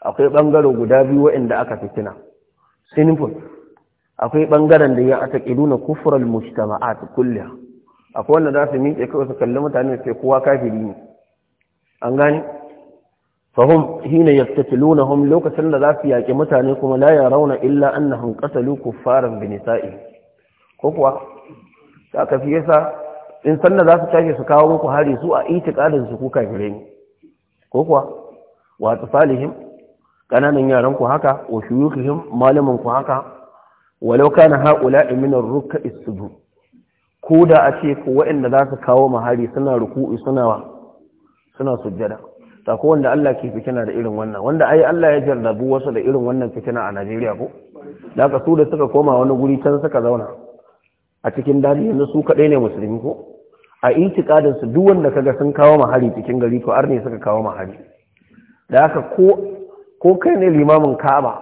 akwai ɓangare guda biyu waɗanda aka fitina sinifin akwai ɓangaren da ya ata ƙiduna kufural a tukulliya akwai wanda za su miƙe kawai su kalli mutane sai kowa kafiri ne an gane fahum hina yaftatilunahum lokacin da za su yaƙi mutane kuma la rauna illa annahum qatalu kuffaran bi binisa'i. ko kuwa ta fiye yasa in sanda za su tashi su kawo muku hari su a itiqadin su kuka kafire ko kuwa wa tafalihim kananan yaran ku haka wa shuyukhihim malaman ku haka walau kana haula'i min ar-ruk'i as ko da a ce ko waɗanda za su kawo mahari suna ruku'i suna suna sujjada ta ko wanda Allah ke fitina da irin wannan wanda ai Allah ya jarrabu wasu da irin wannan fitina a Najeriya ko da ka su da suka koma wani guri can suka zauna a cikin daji yanzu su kadai ne musulmi ko a itikadin su duk wanda kaga sun kawo mahari cikin gari to arne suka kawo mahari da haka ko ko kai ne limamin kaba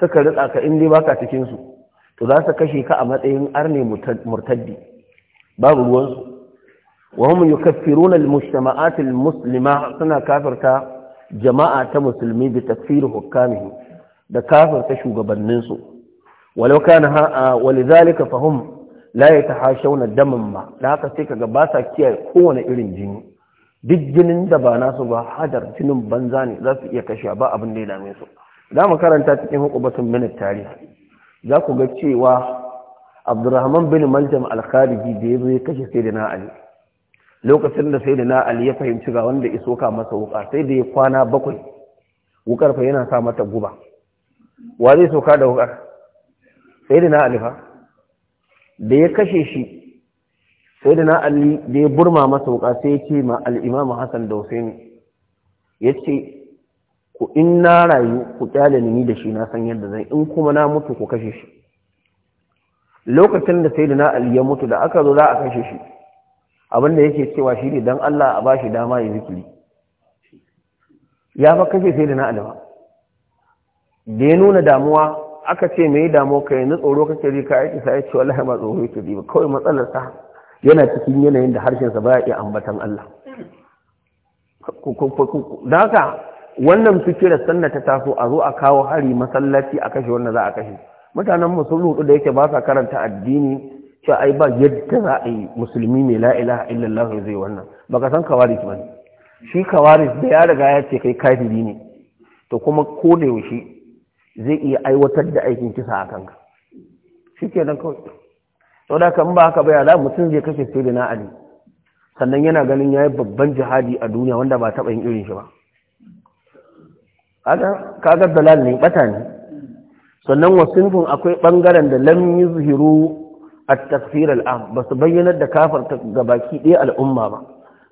suka rika ka inda baka cikin su to za su kashe ka a matsayin arne murtaddi babu ruwansu wa hum yukaffiruna al-mujtama'at suna kafirta jama'a ta musulmi bi takfir hukamihi da kafirta shugabannin su walau kana ha walidhalika fahum la yatahashawna daman ma da haka sai kaga ba sa kiyaye kowane irin jini duk jinin da ba nasu ba hajar jinin banza ne za su iya kashe ba abin da ya dame su Za mu karanta cikin hukubatun minit tarihi za ku ga cewa abdurrahman bin maljam al-khariji da ya zo ya kashe sai da na'ali lokacin da sai da na'ali ya fahimci ga wanda iso ka masa wuka sai da ya kwana bakwai wukar fa yana sa mata guba wa zai soka da wukar sai da na'ali fa da ya kashe shi sai da na ali da ya burma masa wuka sai ya ce ma al'imamu hassan da hussein ya ce ku in na rayu ku kyale ni da shi na san yadda zai in kuma na mutu ku kashe shi lokacin da sai da na alli ya mutu da aka zo za a kashe shi abinda yake cewa shi ne don allah a ba shi dama ya zikiri ya fa kashe sai da na ba da ya nuna damuwa aka ce mai damuwa kai na tsoro kake ji ka aiki sai ya ce wallahi ma tsoro yake ba kawai matsalar sa yana cikin yanayin da harshen harshensa baya iya ambatan Allah da haka wannan fikira sanna ta taso a zo a kawo hari masallaci a kashe wannan za a kashe mutanen mu da yake ba sa karanta addini cewa ai ba yadda za a yi musulmi ne la ilaha illallah zai wannan baka san kawaris ba shi kawaris da ya riga ya ce kai kafiri ne to kuma ko da yaushe zai iya aiwatar da aikin kisa a kanka Shi kenan kawai sau da kan ba haka baya za mutum zai kashe sai da na'ali sannan yana ganin ya yi babban jihadi a duniya wanda ba taɓa yin irin shi ba kagar dalal ne ɓata ne sannan wasu nufin akwai ɓangaren da lam yi zuhiru a tafsir al'am ba su bayyanar da kafar ga baki ɗaya al'umma ba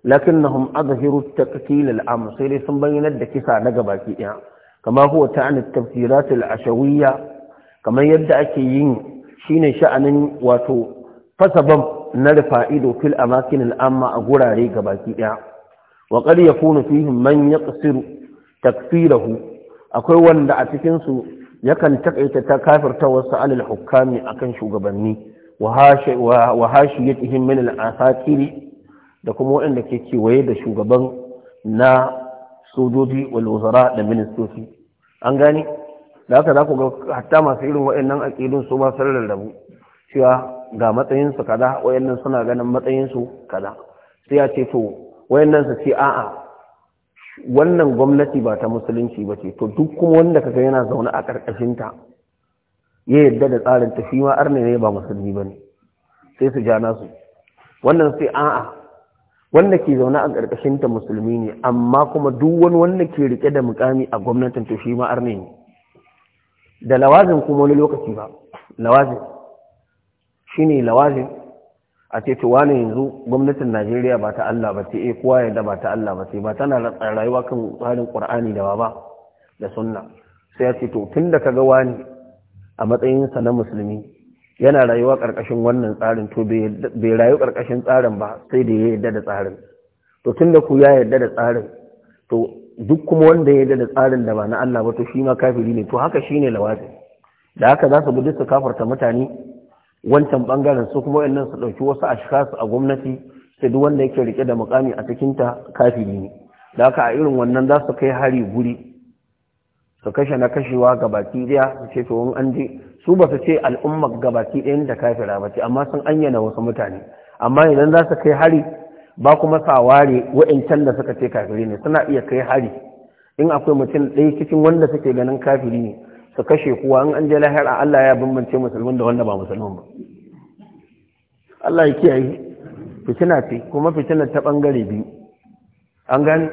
lakin na hum a zuhiru ta al'am sai dai sun bayyanar da kisa na gabaki ɗaya kama huwa ta tafsirat kamar yadda ake yin shine sha'anin wato fasabab na rufa ido fil amakin al'amma a gurare baki ɗaya. wa ya yakunu fihin man yaqsiru takfirahu akwai wanda a cikin su yakan takaita ta kafirta wasu alal hukami akan shugabanni wa hashiyatihim min al da kuma waɗanda ke kewaye da shugaban na sojoji wal da ministoci an gane da haka za ku ga hatta masu irin wa'annan aƙidun su ba su rarrabu cewa ga matsayinsu kada, wa'annan suna ganin matsayinsu kada. sai ya ce to wa'annan su ce a'a wannan gwamnati ba ta musulunci ba ce to duk kuma wanda kaga yana zaune a ƙarƙashinta ya yarda da tsarin ta shi ma arne ne ba musulmi ba ne sai su ja nasu wannan sai a'a wanda ke zaune a ƙarƙashinta musulmi ne amma kuma duk wani wanda ke rike da mukami a gwamnatin to shi ma arne ne da lawazin kuma wani lokaci ba lawazin shi ne lawazin a ce cewa ne yanzu gwamnatin najeriya ba ta allah ba ce eh kowa yadda ba ta allah ba ce ba tana rayuwa kan tsarin ƙur'ani da ba da sunna sai ya ce to tun da ka ga wani a matsayinsa na musulmi yana rayuwa ƙarƙashin wannan tsarin to bai rayu ƙarƙashin tsarin ba sai da ya yadda da tsarin to tun da ku ya yarda da tsarin to duk kuma wanda ya da tsarin da ba na Allah ba to shi ma kafiri ne to haka shi ne lawazi da haka za su gudu su kafarta mutane wancan bangaren su kuma wayannan su dauki wasu ashkasu a gwamnati sai duk wanda yake rike da mukami a cikin ta kafiri ne da haka a irin wannan za su kai hari guri su kashe na kashewa gabaki daya su ce to an je su ba su ce ga gabaki ɗayan da kafira ba ce amma sun anyana wasu mutane amma idan za su kai hari ba kuma sa ware wa'incan da suka ce kafiri ne suna iya kai hari in akwai mutum ɗaya cikin wanda suke ganin kafiri ne su kashe kuwa in an je a Allah ya bambance musulmin da wanda ba musulmin ba Allah ya kiyaye fitina ce kuma fitina ta bangare biyu an gani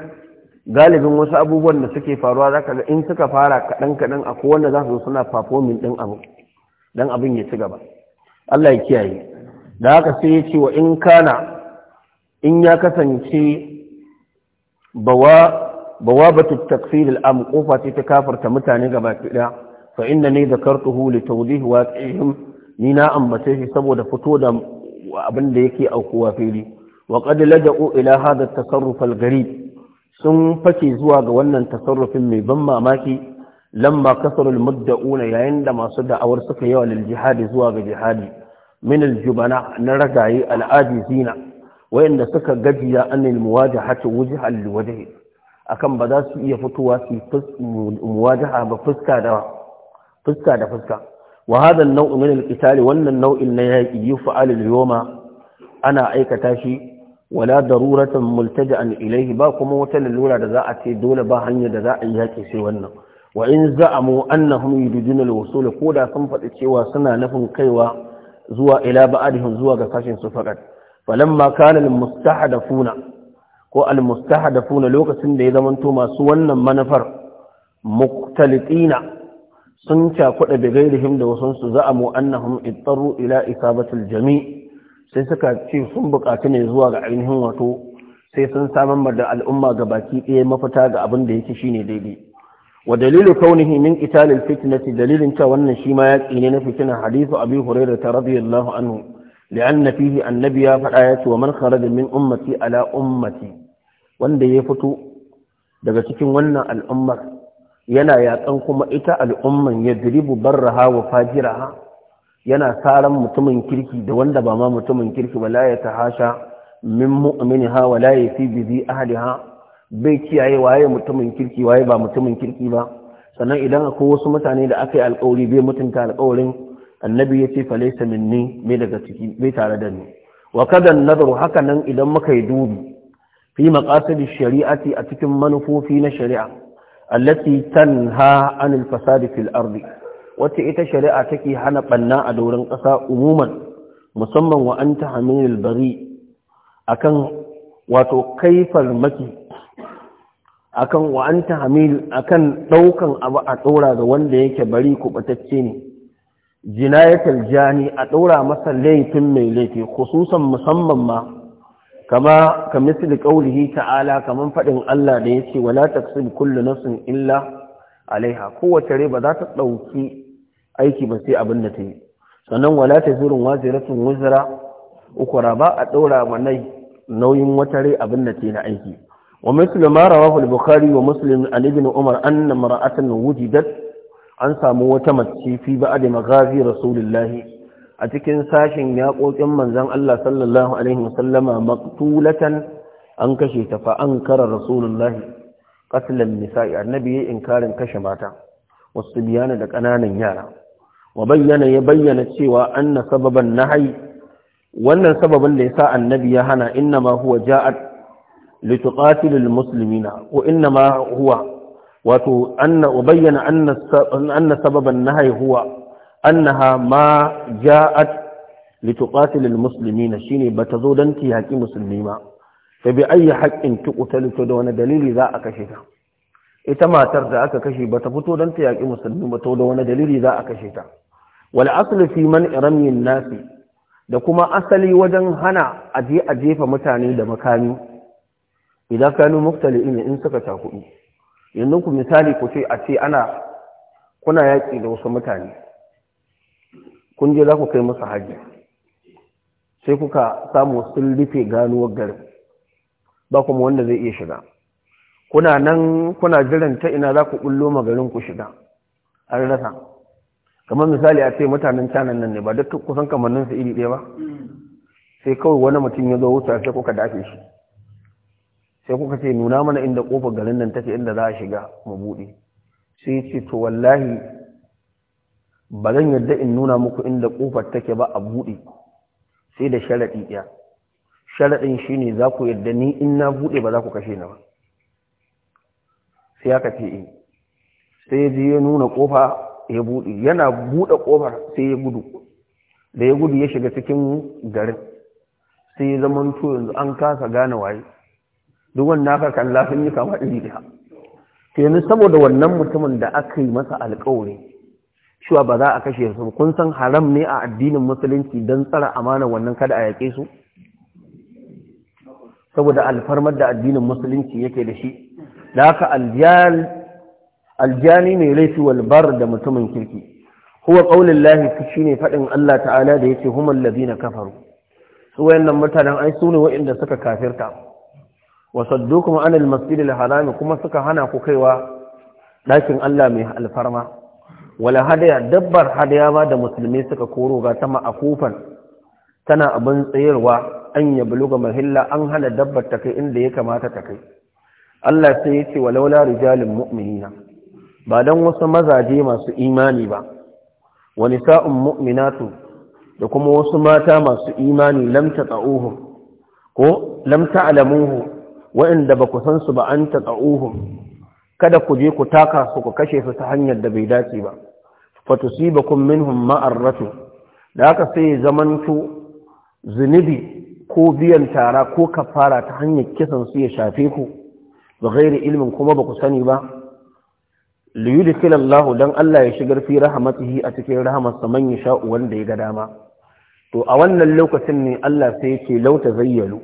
galibin wasu abubuwan da suke faruwa zaka ga in suka fara kaɗan kaɗan a wanda za su suna performing ɗin abu dan abin ya ci gaba Allah ya kiyaye da haka sai ya ce wa in kana in ya kasance bawa bawabatu takfir al'am kofa ce ta kafarta mutane gaba ɗaya fa inna ne zakartuhu li tawdih waqi'ihim ni na ambace shi saboda fito da abin da yake aukuwa fili wa qad laja'u ila hadha at-tasarruf al-gharib sun fake zuwa ga wannan tasarrufin mai ban mamaki lamma kasaru al-mudda'una yayin da masu da'awar suka yawa lil jihadi zuwa ga jihadi min al-jubana na ragaye al-ajizina wayanda suka gajiya anil muwajahati wujha lil akan ba za su iya fitowa su muwajaha ba fuska da fuska da fuska wa hada an min wannan nau'in na yaki yuf'al al ana aikata shi wala daruratan multaja'an ilayhi ba kuma wata lalura da za a ce dole ba hanya da za a yaki sai wannan wa in za'amu annahum yuridun al-wusul ko da sun faɗi cewa suna nufin kaiwa zuwa ila ba'adihim zuwa ga sashin su faqat falamma kana almustahdafuna ko almustahdafuna lokacin da ya zamanto masu wannan manafar muktalitina sun cakuɗa da gairihim da wasan su za'amu annahum ittaru ila isabatil jami sai suka ce sun buƙaci ne zuwa ga ainihin wato sai sun samar da al'umma ga baki ɗaya mafita ga abin da yake shine daidai Wa ودليل كونه من قتال الفتنة دليل انت وانا شيما ne na حديث أبي هريرة رضي الله anhu لأن فيه النبي فالآيات ومن خرج من أمتي ala أمتي wanda ya fito daga cikin wannan al'ummar yana yakan kuma ita al'ummar ya diribu barraha wa fajiraha yana saran mutumin kirki da wanda ba ma mutumin kirki ba la ya tahasha min mu'minha wa la yafi bi zi ahliha bai kiyaye waye mutumin kirki waye ba mutumin kirki ba sannan idan akwai wasu mutane da aka yi alƙawari bai mutunta alƙawarin annabi ya ce falaisa minni mai daga ciki bai tare da ni wa kadan nazaru haka nan idan muka yi dubi fi maqasidi shari'ati a cikin manufofi na shari'a allati tanha anil fasadi fil ardi wacce ita shari'a take hana banna a doron ƙasa umuman musamman wa anta hamilul bari akan wato kai farmaki akan wa'anta hamil akan daukan abu a tsora ga wanda yake bari kubatacce ne jinayatar jani a ɗora masa laifin mai laifi khususan musamman ma kama ka misali qaulihi ta'ala kaman faɗin Allah da ya ce, wala taksib kullu nafsin illa alaiha kowace rai ba za ta ɗauki aiki ba sai abin da ta yi sannan wala tazurun waziratun wuzra ukura ba a ɗora ma nauyin wata rai abin da ta yi na aiki wa mislu ma rawahu al-bukhari wa muslim an ibn umar anna mar'atan wujidat an samu wata mace fi da maghazi rasulullahi a cikin sashen yaƙoƙin manzon Allah sallallahu alaihi wasallama an kashe ta fa ankara rasulullahi qatlan nisa'i annabi yayin inkarin kashe mata wasu biyana da ƙananan yara wa bayyana ya bayyana cewa anna sababan nahyi wannan sababin da ya sa annabi ya hana ma huwa ja'at lituqatilul muslimina inna ma huwa wato anna ubayyana anna na sababan annaha ma ja'at lituqatil almuslimin shine bata zo don ti haƙi musulmi ma ta bi ayi haƙin tuqtalu to da wani dalili za a kashe ta ita matar da aka kashe bata fito don ta yaƙi musulmi ba to da wani dalili za a kashe ta wal aslu fi man iramiyin nasi da kuma asali wajen hana aje a jefa mutane da makami idan kanu muktali in suka cakudu yanzu ku misali ku ce a ce ana kuna yaƙi da wasu mutane kun je za ku kai masa hajji sai kuka samu sun rufe ganuwar garin ba kuma wanda zai iya shiga kuna nan kuna jiran ta ina za ku ɓullo magarin ku shiga an rasa kamar misali a ce mutanen canan nan ne ba duk kusan kamannin su iri ɗaya ba hmm. sai kawai wani mutum ya zo wuta sai kuka dafe shi sai kuka ce nuna mana inda kofar garin nan take inda za a shiga mu buɗe sai ce to wallahi ba zan yarda in nuna muku inda kofar take ba a buɗe sai da sharaɗi ɗaya sharaɗin shine za ku yarda ni in na buɗe ba za ku kashe na ba sai aka ce eh. sai ya je ya nuna kofa ya buɗe yana buɗe kofar sai ya gudu da ya gudu ya shiga cikin garin sai ya zama yanzu an kasa gane waye duk wanda aka kalla sun yi kama iri da yanzu saboda wannan mutumin da aka yi masa alkawari cewa ba za a kashe su kun san haram ne a addinin musulunci don tsara amana wannan kada a yaƙe su saboda alfarmar da addinin musulunci yake da shi da haka aljani mai laifi walbar da mutumin kirki huwa ƙaunin lahi shi ne faɗin Allah ta'ala da ce humar labi na kafaru su wayannan mutanen ai su ne wa'inda suka kafirta Wasaddu, kuma Anil, Masjidil, Harami kuma suka hana ku kaiwa dakin Allah mai alfarma wala hadaya dabbar hadaya ma da musulmi suka koro ga a kufan tana abin tsayarwa an ya buluga mahilla an hana dabbar ta kai inda ya kamata ta kai Allah sai ya ce walaula rijalun mu'minina ba dan wasu mazaje masu imani ba wa nisa'un mu'minatu da kuma wasu mata masu imani lam tata'uhu ko lam ta'lamuhu waɗanda ba ku san su ba an uhu, kada ku je ku taka su ku kashe su ta hanyar da bai dace ba ba fatusibakum minhun ma'arratu da haka sai zamanto zunubi ko biyan tara ko kafara ta hanyar kisan su ya shafe ku ba gairi ilmin kuma ba ku sani ba liyudkhilallahu dan Allah ya shigar fi rahmatihi a cikin rahmatsa manya yasha wanda ya ga dama to a wannan lokacin ne Allah sai ce lauta zayyalu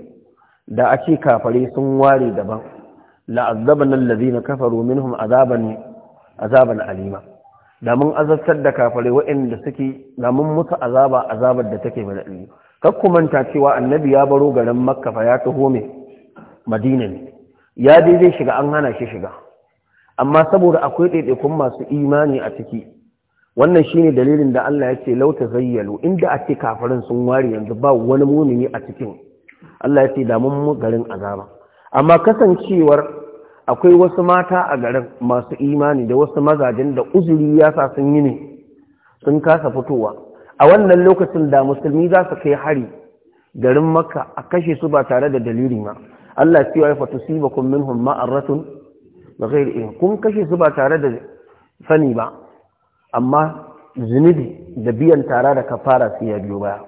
da a ce kafare sun ware daban la'azzaban allazi na kafaru minhum azaban alima da azabtar da kafare waɗanda suke da musu azaba azabar da take mai daɗi kar ku manta cewa annabi ya baro garin makka fa ya taho mai madina ne ya dai zai shiga an hana shi shiga amma saboda akwai ɗaiɗaikun masu imani a ciki wannan shine dalilin da Allah ya ce lauta zayyalu inda ake kafarin sun ware yanzu ba wani mumini a cikin Allah ya ce da mun garin azaba amma kasancewar akwai wasu mata a garin masu imani da wasu mazajen da uzuri ya sa sun yi ne sun kasa fitowa a wannan lokacin da musulmi za su kai hari garin makka a kashe su ba tare da dalili ma Allah ya ce wa fatusibakum minhum ma'aratun in kun kashe su ba tare da sani ba amma zunubi da biyan tara da kafara sai ya biyo baya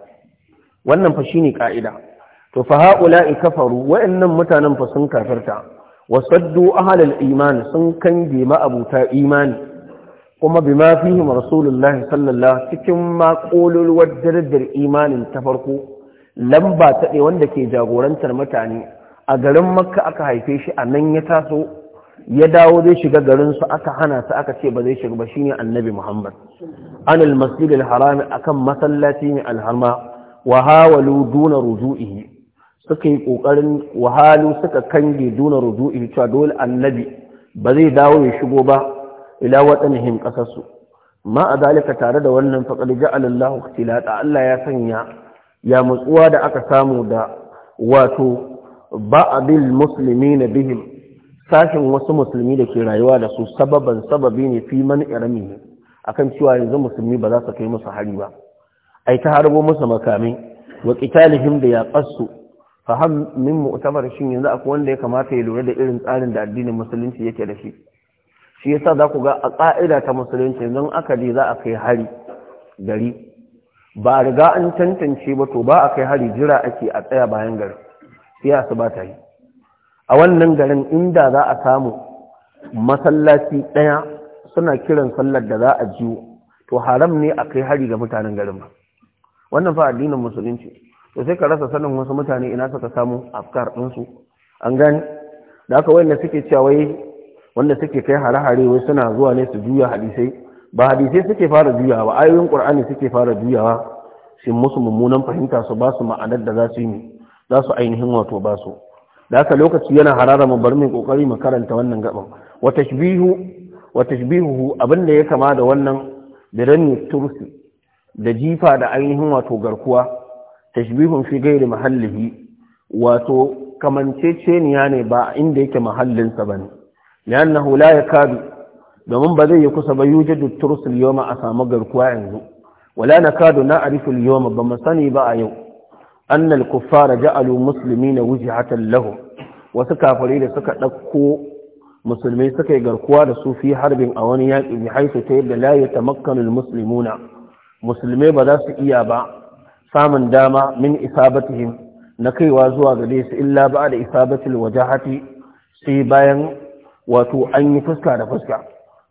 wannan fa shine ka'ida to fa faru, kafaru wa'annan mutanen fa sun kafirta wasaddu ahlal iman sun kange ma'abuta imani kuma bima fihim rasulullahi sallallahu cikin maqulul waddardar imanin ta farko lamba ta wanda ke jagorantar mutane a garin makka aka haife shi a nan ya taso ya dawo zai shiga garinsu aka hana su aka ce ba zai shiga ba shine annabi muhammad an almasjid alharam akan masallaci mai alharma wa hawalu duna rujuihi suka yi kokarin wahalu suka kange duna rudu'i cewa dole annabi ba zai dawo ya shigo ba ila him kasarsu. ma a zalika tare da wannan faqad ja'ala Allahu tilata, Allah ya sanya ya mutsuwa da aka samu da wato ba'dil bi bihim sashin wasu musulmi da ke rayuwa da su sababan sababi ne fi man irami akan cewa yanzu musulmi ba za su kai musu hari ba ai ta harbo musu makami wa qitalihim da yaqassu fahim min mu'tabar shin yanzu akwai wanda ya kamata ya lura da irin tsarin da addinin musulunci yake da shi shi yasa za ku ga a ka'ida ta musulunci don aka je za a kai hari gari ba riga an tantance ba to ba a kai hari jira ake a tsaya bayan gari sai su ba ta yi a wannan garin inda za a samu masallaci ɗaya suna kiran sallar da za a jiwo to haram ne a kai hari ga mutanen garin ba wannan fa addinin musulunci to sai ka rasa sanin wasu mutane ina suka samu afkar ɗinsu an gani da aka wanda suke cewa wanda suke kai hare-hare wai suna zuwa ne su juya hadisai ba hadisai suke fara juyawa ba ayoyin qur'ani suke fara juyawa shi musu mummunan fahimta su ba su ma'anar da za su yi za su ainihin wato ba su da aka lokaci yana harara mu bar min kokari mu karanta wannan gaban wa tashbihu wa abin abinda ya kama da wannan birani tursi da jifa da ainihin wato garkuwa tashbihun fi gairi mahallihi wato kamanceceniya ne ba inda yake mahallinsa ba ne li'annahu la yakadu domin ba zai yi kusa ba yujadu tursul yawma a samu garkuwa yanzu wala nakadu na ariful yawma ba mu sani ba a yau annal kuffara ja'alu muslimina wujhatan lahu. wasu kafirai da suka ɗauko musulmai suka yi garkuwa da su fi harbin a wani yaƙi bi haisu ta yadda la ya tamakkanul muslimuna musulmai ba za su iya ba samun dama min isabatihim na kaiwa zuwa gare su illa ba da isabatil wajahati sai bayan wato an yi fuska da fuska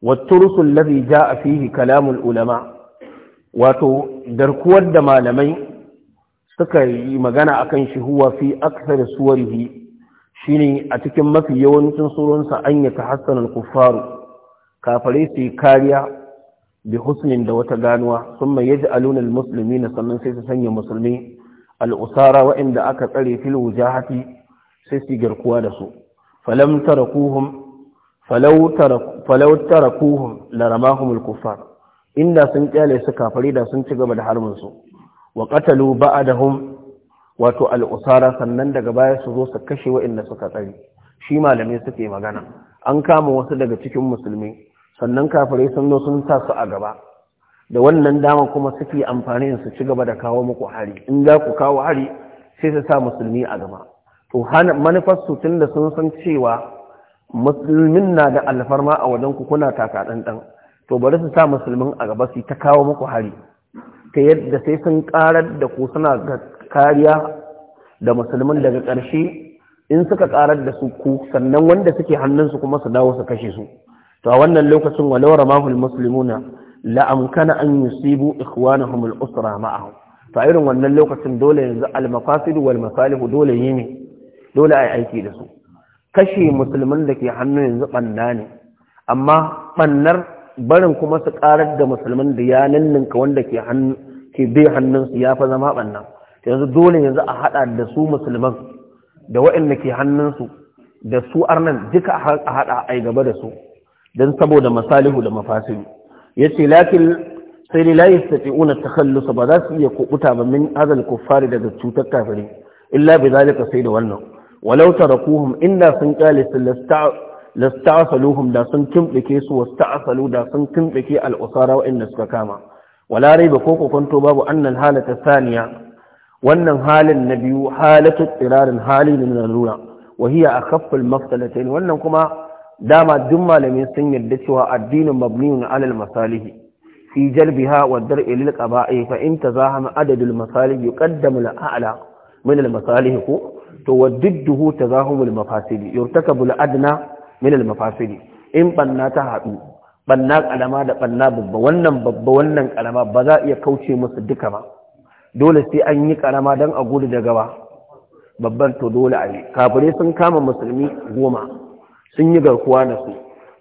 watturusul ja a fihi kalamul ulama wato garkuwar da malamai suka yi magana akan kan shihuwa fi aksar suwarihi shine a cikin mafi yawancin suronsa an yi tahassanul kuffaru kafare su kariya bi husnin da wata ganuwa sun mai yaji alunan musulmi na sannan sai su sanya musulmi al'usara wa'inda aka tsare fil wujahati sai su garkuwa da su falau tarakuhum laramahum al-kuffar inda sun kyale su kafari da sun ci gaba da harbin su ba'a da ba'dahum wato al'usara sannan daga baya su zo su kashe wa'inda suka tsare shi malamai suke magana an kama wasu daga cikin musulmi sannan kafirai sun zo sun sa su a gaba da wannan dama kuma suke amfani su ci gaba da kawo muku hari in za ku kawo hari sai su sa musulmi a gaba to su tun da sun san cewa musulmin na da alfarma a wajen ku kuna taka ɗanɗan to bari su sa musulmin a gaba su ta kawo muku hari ta yadda sai sun karar da ku suna kariya da musulmin daga ƙarshe in suka karar da su ku sannan wanda suke hannunsu kuma su dawo su kashe su to a wannan lokacin walau ramahul muslimuna la amkana an yusibu ikhwanahum al-usra ma'ahum to a irin wannan lokacin dole yanzu al-mafasid wal masalihu dole ne, dole ai aiki da su kashe musulmin da ke hannu yanzu banna ne amma bannar barin kuma su karar da musulmin da ya ninninka wanda ke hannu ke bai hannunsu ya fa zama banna yanzu dole yanzu a hada da su musulman da waɗanda ke hannunsu da su arnan duka a hada ai gaba da su dan saboda masalihu da ya yace lakin sai ne la yastati'una takhallus ba za su iya kubuta ba min azal kuffari daga cutar kafiri illa bi zalika sai da wannan walau tarakuhum inda sun kale su lasta'asaluhum da sun kimbike su wasta'asalu da sun kimbike al'usara wa'inda suka kama wala ba ko kwanto babu annan halata saniya wannan halin na biyu halatu tsirarin hali ne na lura wahiya a kaffal mafsalatain wannan kuma dama duk malamai sun yarda cewa addinin mabniyun alal masalihi fi jalbiha wa dar'i lil qaba'i fa in tazahama adadul masalihi yuqaddamu al a'la min al masalih ko to wadduhu tazahumul mafasidi yurtakabu al adna min al mafasidi in banna ta hadu banna kalama da banna babba wannan babba wannan kalama ba za iya kauce musu duka ba dole sai an yi kalama dan a gudu da gaba babban to dole a yi kafirai sun kama musulmi goma sun yi garkuwa da su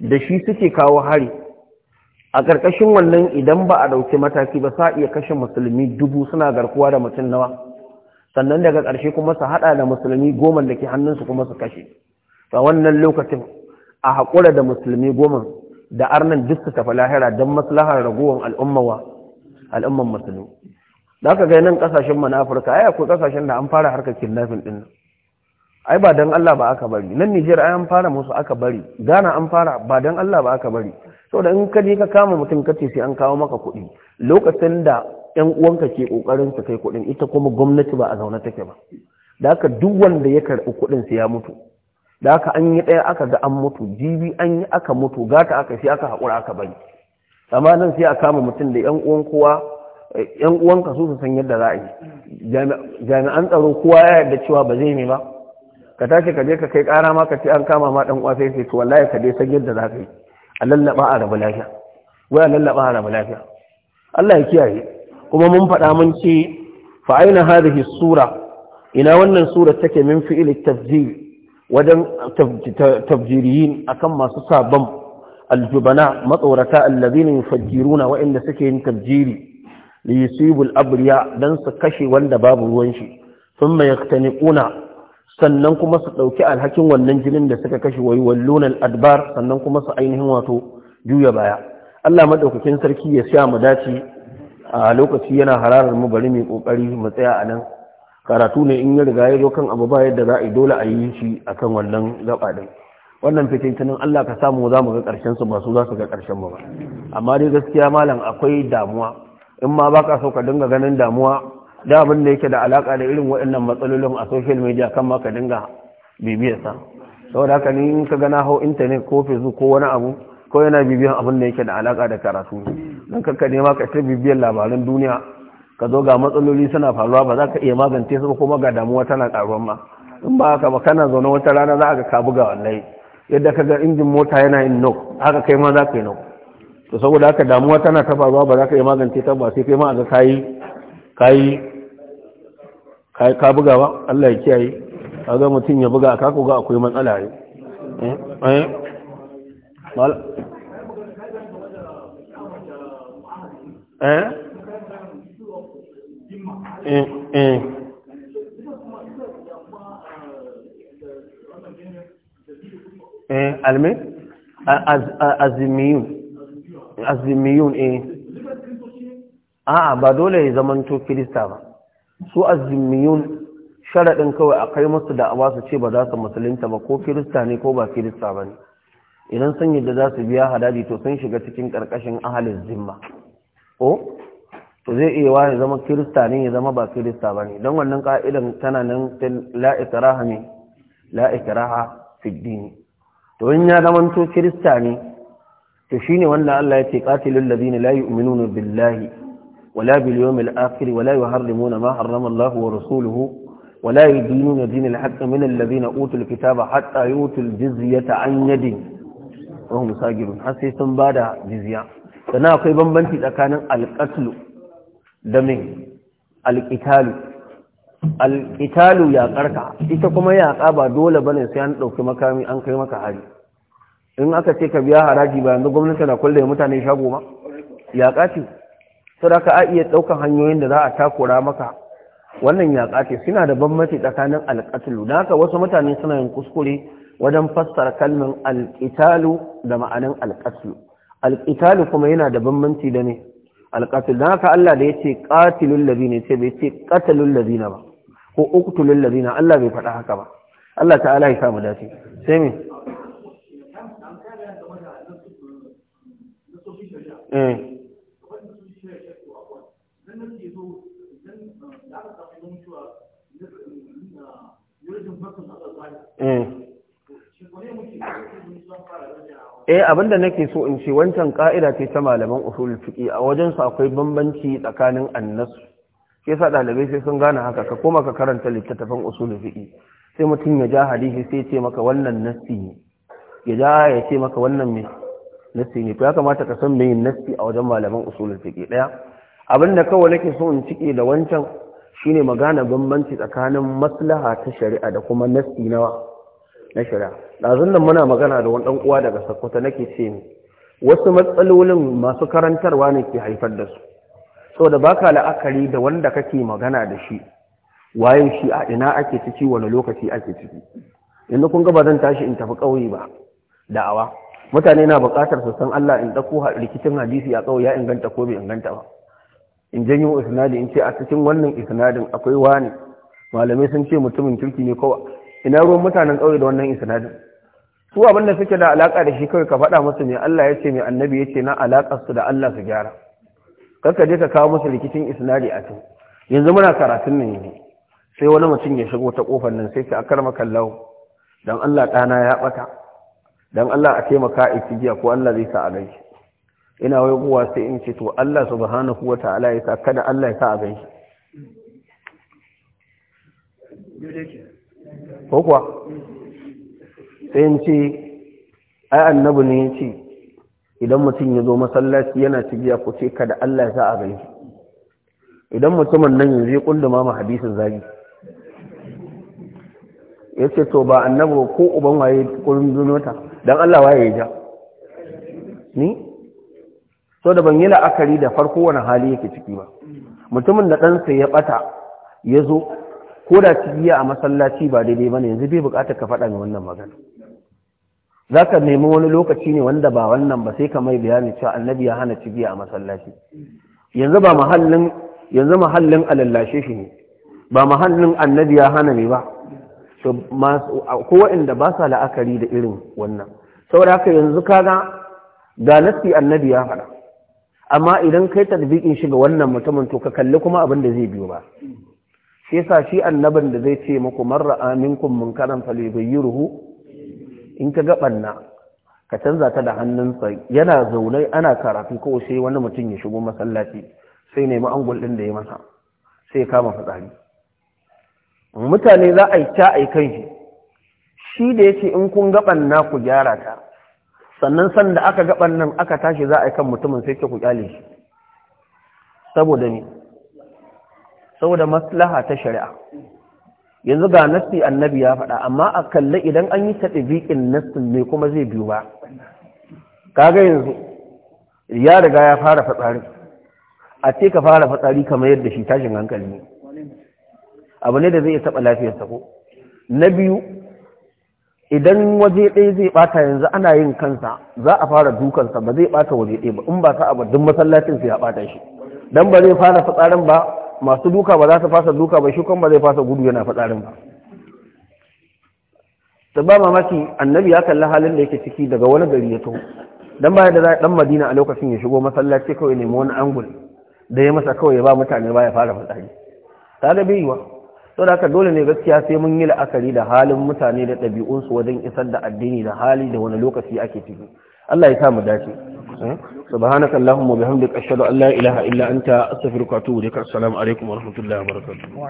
da shi suke kawo hari a ƙarƙashin wannan idan ba a ɗauki mataki ba sa iya kashe musulmi dubu suna garkuwa da mutum nawa sannan daga ƙarshe kuma su haɗa da musulmi goma da ke hannunsu kuma su kashe a wannan lokacin a haƙura da musulmi goma da arnan duk su tafi lahira don maslahar ragowar al'ummawa al'umman musulmi da aka ga nan ƙasashen mana afirka ai akwai ƙasashen da an fara harkar kidnapping ɗin nan ai ba dan Allah ba aka bari nan Niger ai an fara musu aka bari Ghana an fara ba dan Allah ba aka bari saboda in ka je ka kama mutum kace sai an kawo maka kuɗi lokacin da ƴan uwanka ke kokarin su kai kuɗin ita kuma gwamnati ba a zaune take ba da haka duk wanda ya karɓi kuɗin sai ya mutu da haka an yi ɗaya aka ga an mutu jibi an yi aka mutu gata aka sai aka haƙura aka bari amma nan sai a kama mutum da ƴan uwan kowa eh, uwanka su su san yadda za a yi jami'an tsaro kowa ya yarda cewa ba zai yi ba ka tashi ka je ka kai ƙara ma ka ce an kama ma ɗan uwa sai sai to wallahi ka je, san yadda za ka yi a lallaba a rabu lafiya wai a lallaba a rabu lafiya Allah ya kiyaye kuma mun faɗa mun ce fa aina hadhihi sura ina wannan sura take min fi'il tafjir wajen tafjiriyin akan masu sabon aljubana matsorata allazina yufajjiruna waɗanda suke yin tafjiri li yusibul abriya dan su kashe wanda babu ruwan shi thumma yaqtaniquna sannan kuma su ɗauki alhakin wannan jinin da suka kashe wai wallunan adbar sannan kuma su ainihin wato juya baya Allah maɗaukakin sarki ya sha mu dace a lokaci yana hararar mu bari mai ƙoƙari mu tsaya a nan karatu ne in ya riga ya zo kan abu ba yadda za a yi dole a yi shi akan wannan gaba ɗin wannan fitintunin Allah ka samu za mu ga ƙarshen su ba su za su ga ƙarshen mu ba amma dai gaskiya malam akwai damuwa in ma baka so ka dinga ganin damuwa da abin da yake da alaƙa da irin waɗannan matsalolin a social media kan maka dinga bibiyarsa saboda haka ni in ka gana hau intanet ko facebook ko wani abu ko yana bibiyar abin da yake da alaƙa da karatu don kakka nema ka ta bibiyar labaran duniya ka zo ga matsaloli suna faruwa ba za ka iya magance su kuma ga damuwa tana karuwan ma in ba haka ba kana zaune wata rana za ka ka buga wallahi yadda ka ga injin mota yana yin nok haka kai ma za ka yi nok to saboda haka damuwa tana ta faruwa ba za ka iya magance ta ba sai kai ma a ga kayi kayi kai ka buga ba Allah ya kiyaye ga mutum ya buga ka ko ga akwai matsala ne eh eh. eh eh eh eh eh alme azmiyun azmiyun eh a'a ba dole ya zamanto kirista ba su azimiyun sharaɗin kawai a kai musu da ba su ce ba za su musulunta ba ko kirista ne ko ba kirista ba ne idan sun yadda za su biya hadadi to sun shiga cikin ƙarƙashin ahalin zimma o to zai iya wa ya zama kirista ne ya zama ba kirista ba ne don wannan ka'idan tana nan la ikraha ne to in ya zama kirista ne to shine wanda Allah ya ce qatilul ladina la yu'minuna billahi ولا باليوم الآخر ولا يحرمون ما حرم الله ورسوله ولا يدينون دين الحق من الذين أوتوا الكتاب حتى يؤتوا الجزية عن يد وهم ساجرون حسي sun bada jizya sannan akwai bambanci tsakanin alƙatlu da min alƙitalu alƙitalu yaƙar ka ita kuma yaƙa ba dole ne sai an ɗauki makami an kai maka hari in aka ce ka biya haraji ba yanzu gwamnati na kulle mutane shago ma saboda ka a iya ɗaukan hanyoyin da za a takura maka wannan ya ƙace suna da bambanci tsakanin alƙatulu da haka wasu mutane suna yin kuskure wajen fassara kalmin alƙitalu da ma'anin alƙatulu alƙitalu kuma yana da bambanci da ne alƙatulu da haka Allah da ya ce ƙatilun ne sai bai ce ƙatalun na ba ko uktulun na. Allah bai faɗa haka ba Allah ta'ala ya samu dace sai me eh eh abinda nake so in ce wancan ka'ida ce ta malaman usulul fiqi a wajen su akwai bambanci tsakanin annas sai sa dalibai sai sun gane haka ka koma ka karanta littattafan usulul fiqi sai mutum ya ja hadisi sai ce maka wannan nassi ne ya ja ya ce maka wannan me nassi ne to ya kamata ka san me nassi a wajen malaman usulul fiqi daya abinda kawai nake so in cike da wancan shine magana bambanci tsakanin maslaha ta shari'a da kuma nasi nawa na shari'a ɗazun nan muna magana da wani dan uwa daga sakkwata nake ce ni wasu matsalolin masu karantarwa ne ke haifar da su saboda baka la'akari da wanda kake magana da shi waye shi a ina ake ciki wani lokaci ake ciki yanzu kun ga ba zan tashi in tafi ƙauye ba da'awa mutane na buƙatar su san Allah in ɗauko rikicin hadisi a ƙauye ya inganta ko bai inganta ba in janyo isnadi in ce a cikin wannan isnadin akwai wani malamai sun ce mutumin kirki ne kowa ina ruwan mutanen ƙauye da wannan isnadin su abin da suke da alaka da shi kawai ka faɗa musu mai Allah ya ce mai annabi ya ce na alakar su da Allah su gyara kanka je ka kawo musu rikicin isnadi a can yanzu muna karatun nan ne sai wani mutum ya shigo ta kofar nan sai ka akar makallau dan Allah ɗana ya ɓata dan Allah a taimaka a ko Allah zai sa a gaishe ina wai kuwa sai in ce to Allah subhanahu wa ta'ala ya sa kada Allah ya sa a gan ko kuwa sai in ce ai annabi ne ya ce idan mutum ya zo masallaci yana cigiya ku ce kada Allah ya sa a gan idan mutumin nan yanzu ya kunduma ma hadisin zagi ya ce to ba annabi ko uban waye kurin ta don Allah waye ya ja ni so da ban yi la'akari da farko wani hali yake ciki ba mutumin da ɗansa ya ɓata ya zo ko da ya a masallaci ba daidai ba ne yanzu bai buƙatar ka faɗa mai wannan magana za ka nemi wani lokaci ne wanda ba wannan ba sai ka mai bayani cewa annabi ya hana ciki a masallaci yanzu ba mahallin yanzu mahallin alallashe shi ne ba mahallin annabi ya hana ne ba to ko waɗanda ba sa la'akari da irin wannan saboda haka yanzu kaga ga nasi annabi ya faɗa amma idan kai tadbiqin shi ga wannan mutumin to ka kalli kuma abin da zai biyo ba shi yasa shi annabin da zai ce muku marra aminkum munkaran ruhu in ka ga banna ka canza ta da hannunsa yana zaune ana karatu ko sai wani mutum ya shigo masallaci sai nemi angul din da ya masa sai kama fitsari mutane za a yi ta aikan shi shi da yace in kun ga banna ku gyara ta sannan sanda aka gaban nan aka tashi za a yi kan mutumin sai ke ku kyale shi saboda ne saboda maslaha ta shari'a yanzu ga nasti annabi ya faɗa amma a kalle idan an yi biƙin nasti ne kuma zai biyu ba kaga yanzu ya riga ya fara fatsari. a ce ka fara fatsari kamar yadda shi tashin hankali ne abu ne da zai taɓa lafiyarsa ko na biyu idan waje ɗaya zai ɓata yanzu ana yin kansa za a fara dukansa ba zai ɓata waje ɗaya ba in ba sa abu duk masallacin su ya ɓata shi dan ba zai fara fitsarin ba masu duka ba za su fasa duka ba shi ba zai fasa gudu yana fitsarin ba ta ba mamaki annabi ya kalli halin da yake ciki daga wani gari ya to dan baya da za dan madina a lokacin ya shigo masallaci kawai nemi wani angul da ya masa kawai ya ba mutane ba ya fara fatsari ta da sau da haka dole ne gaskiya sai mun yi la'akari da halin mutane da ɗabi'unsu wajen isar da addini da hali da wani lokaci ake ciki Allah ya sa mu dace eh? subhanaka allahumma bihamdika ashhadu an la ilaha illa anta astaghfiruka wa atubu ilaik assalamu alaikum wa rahmatullahi wa barakatuh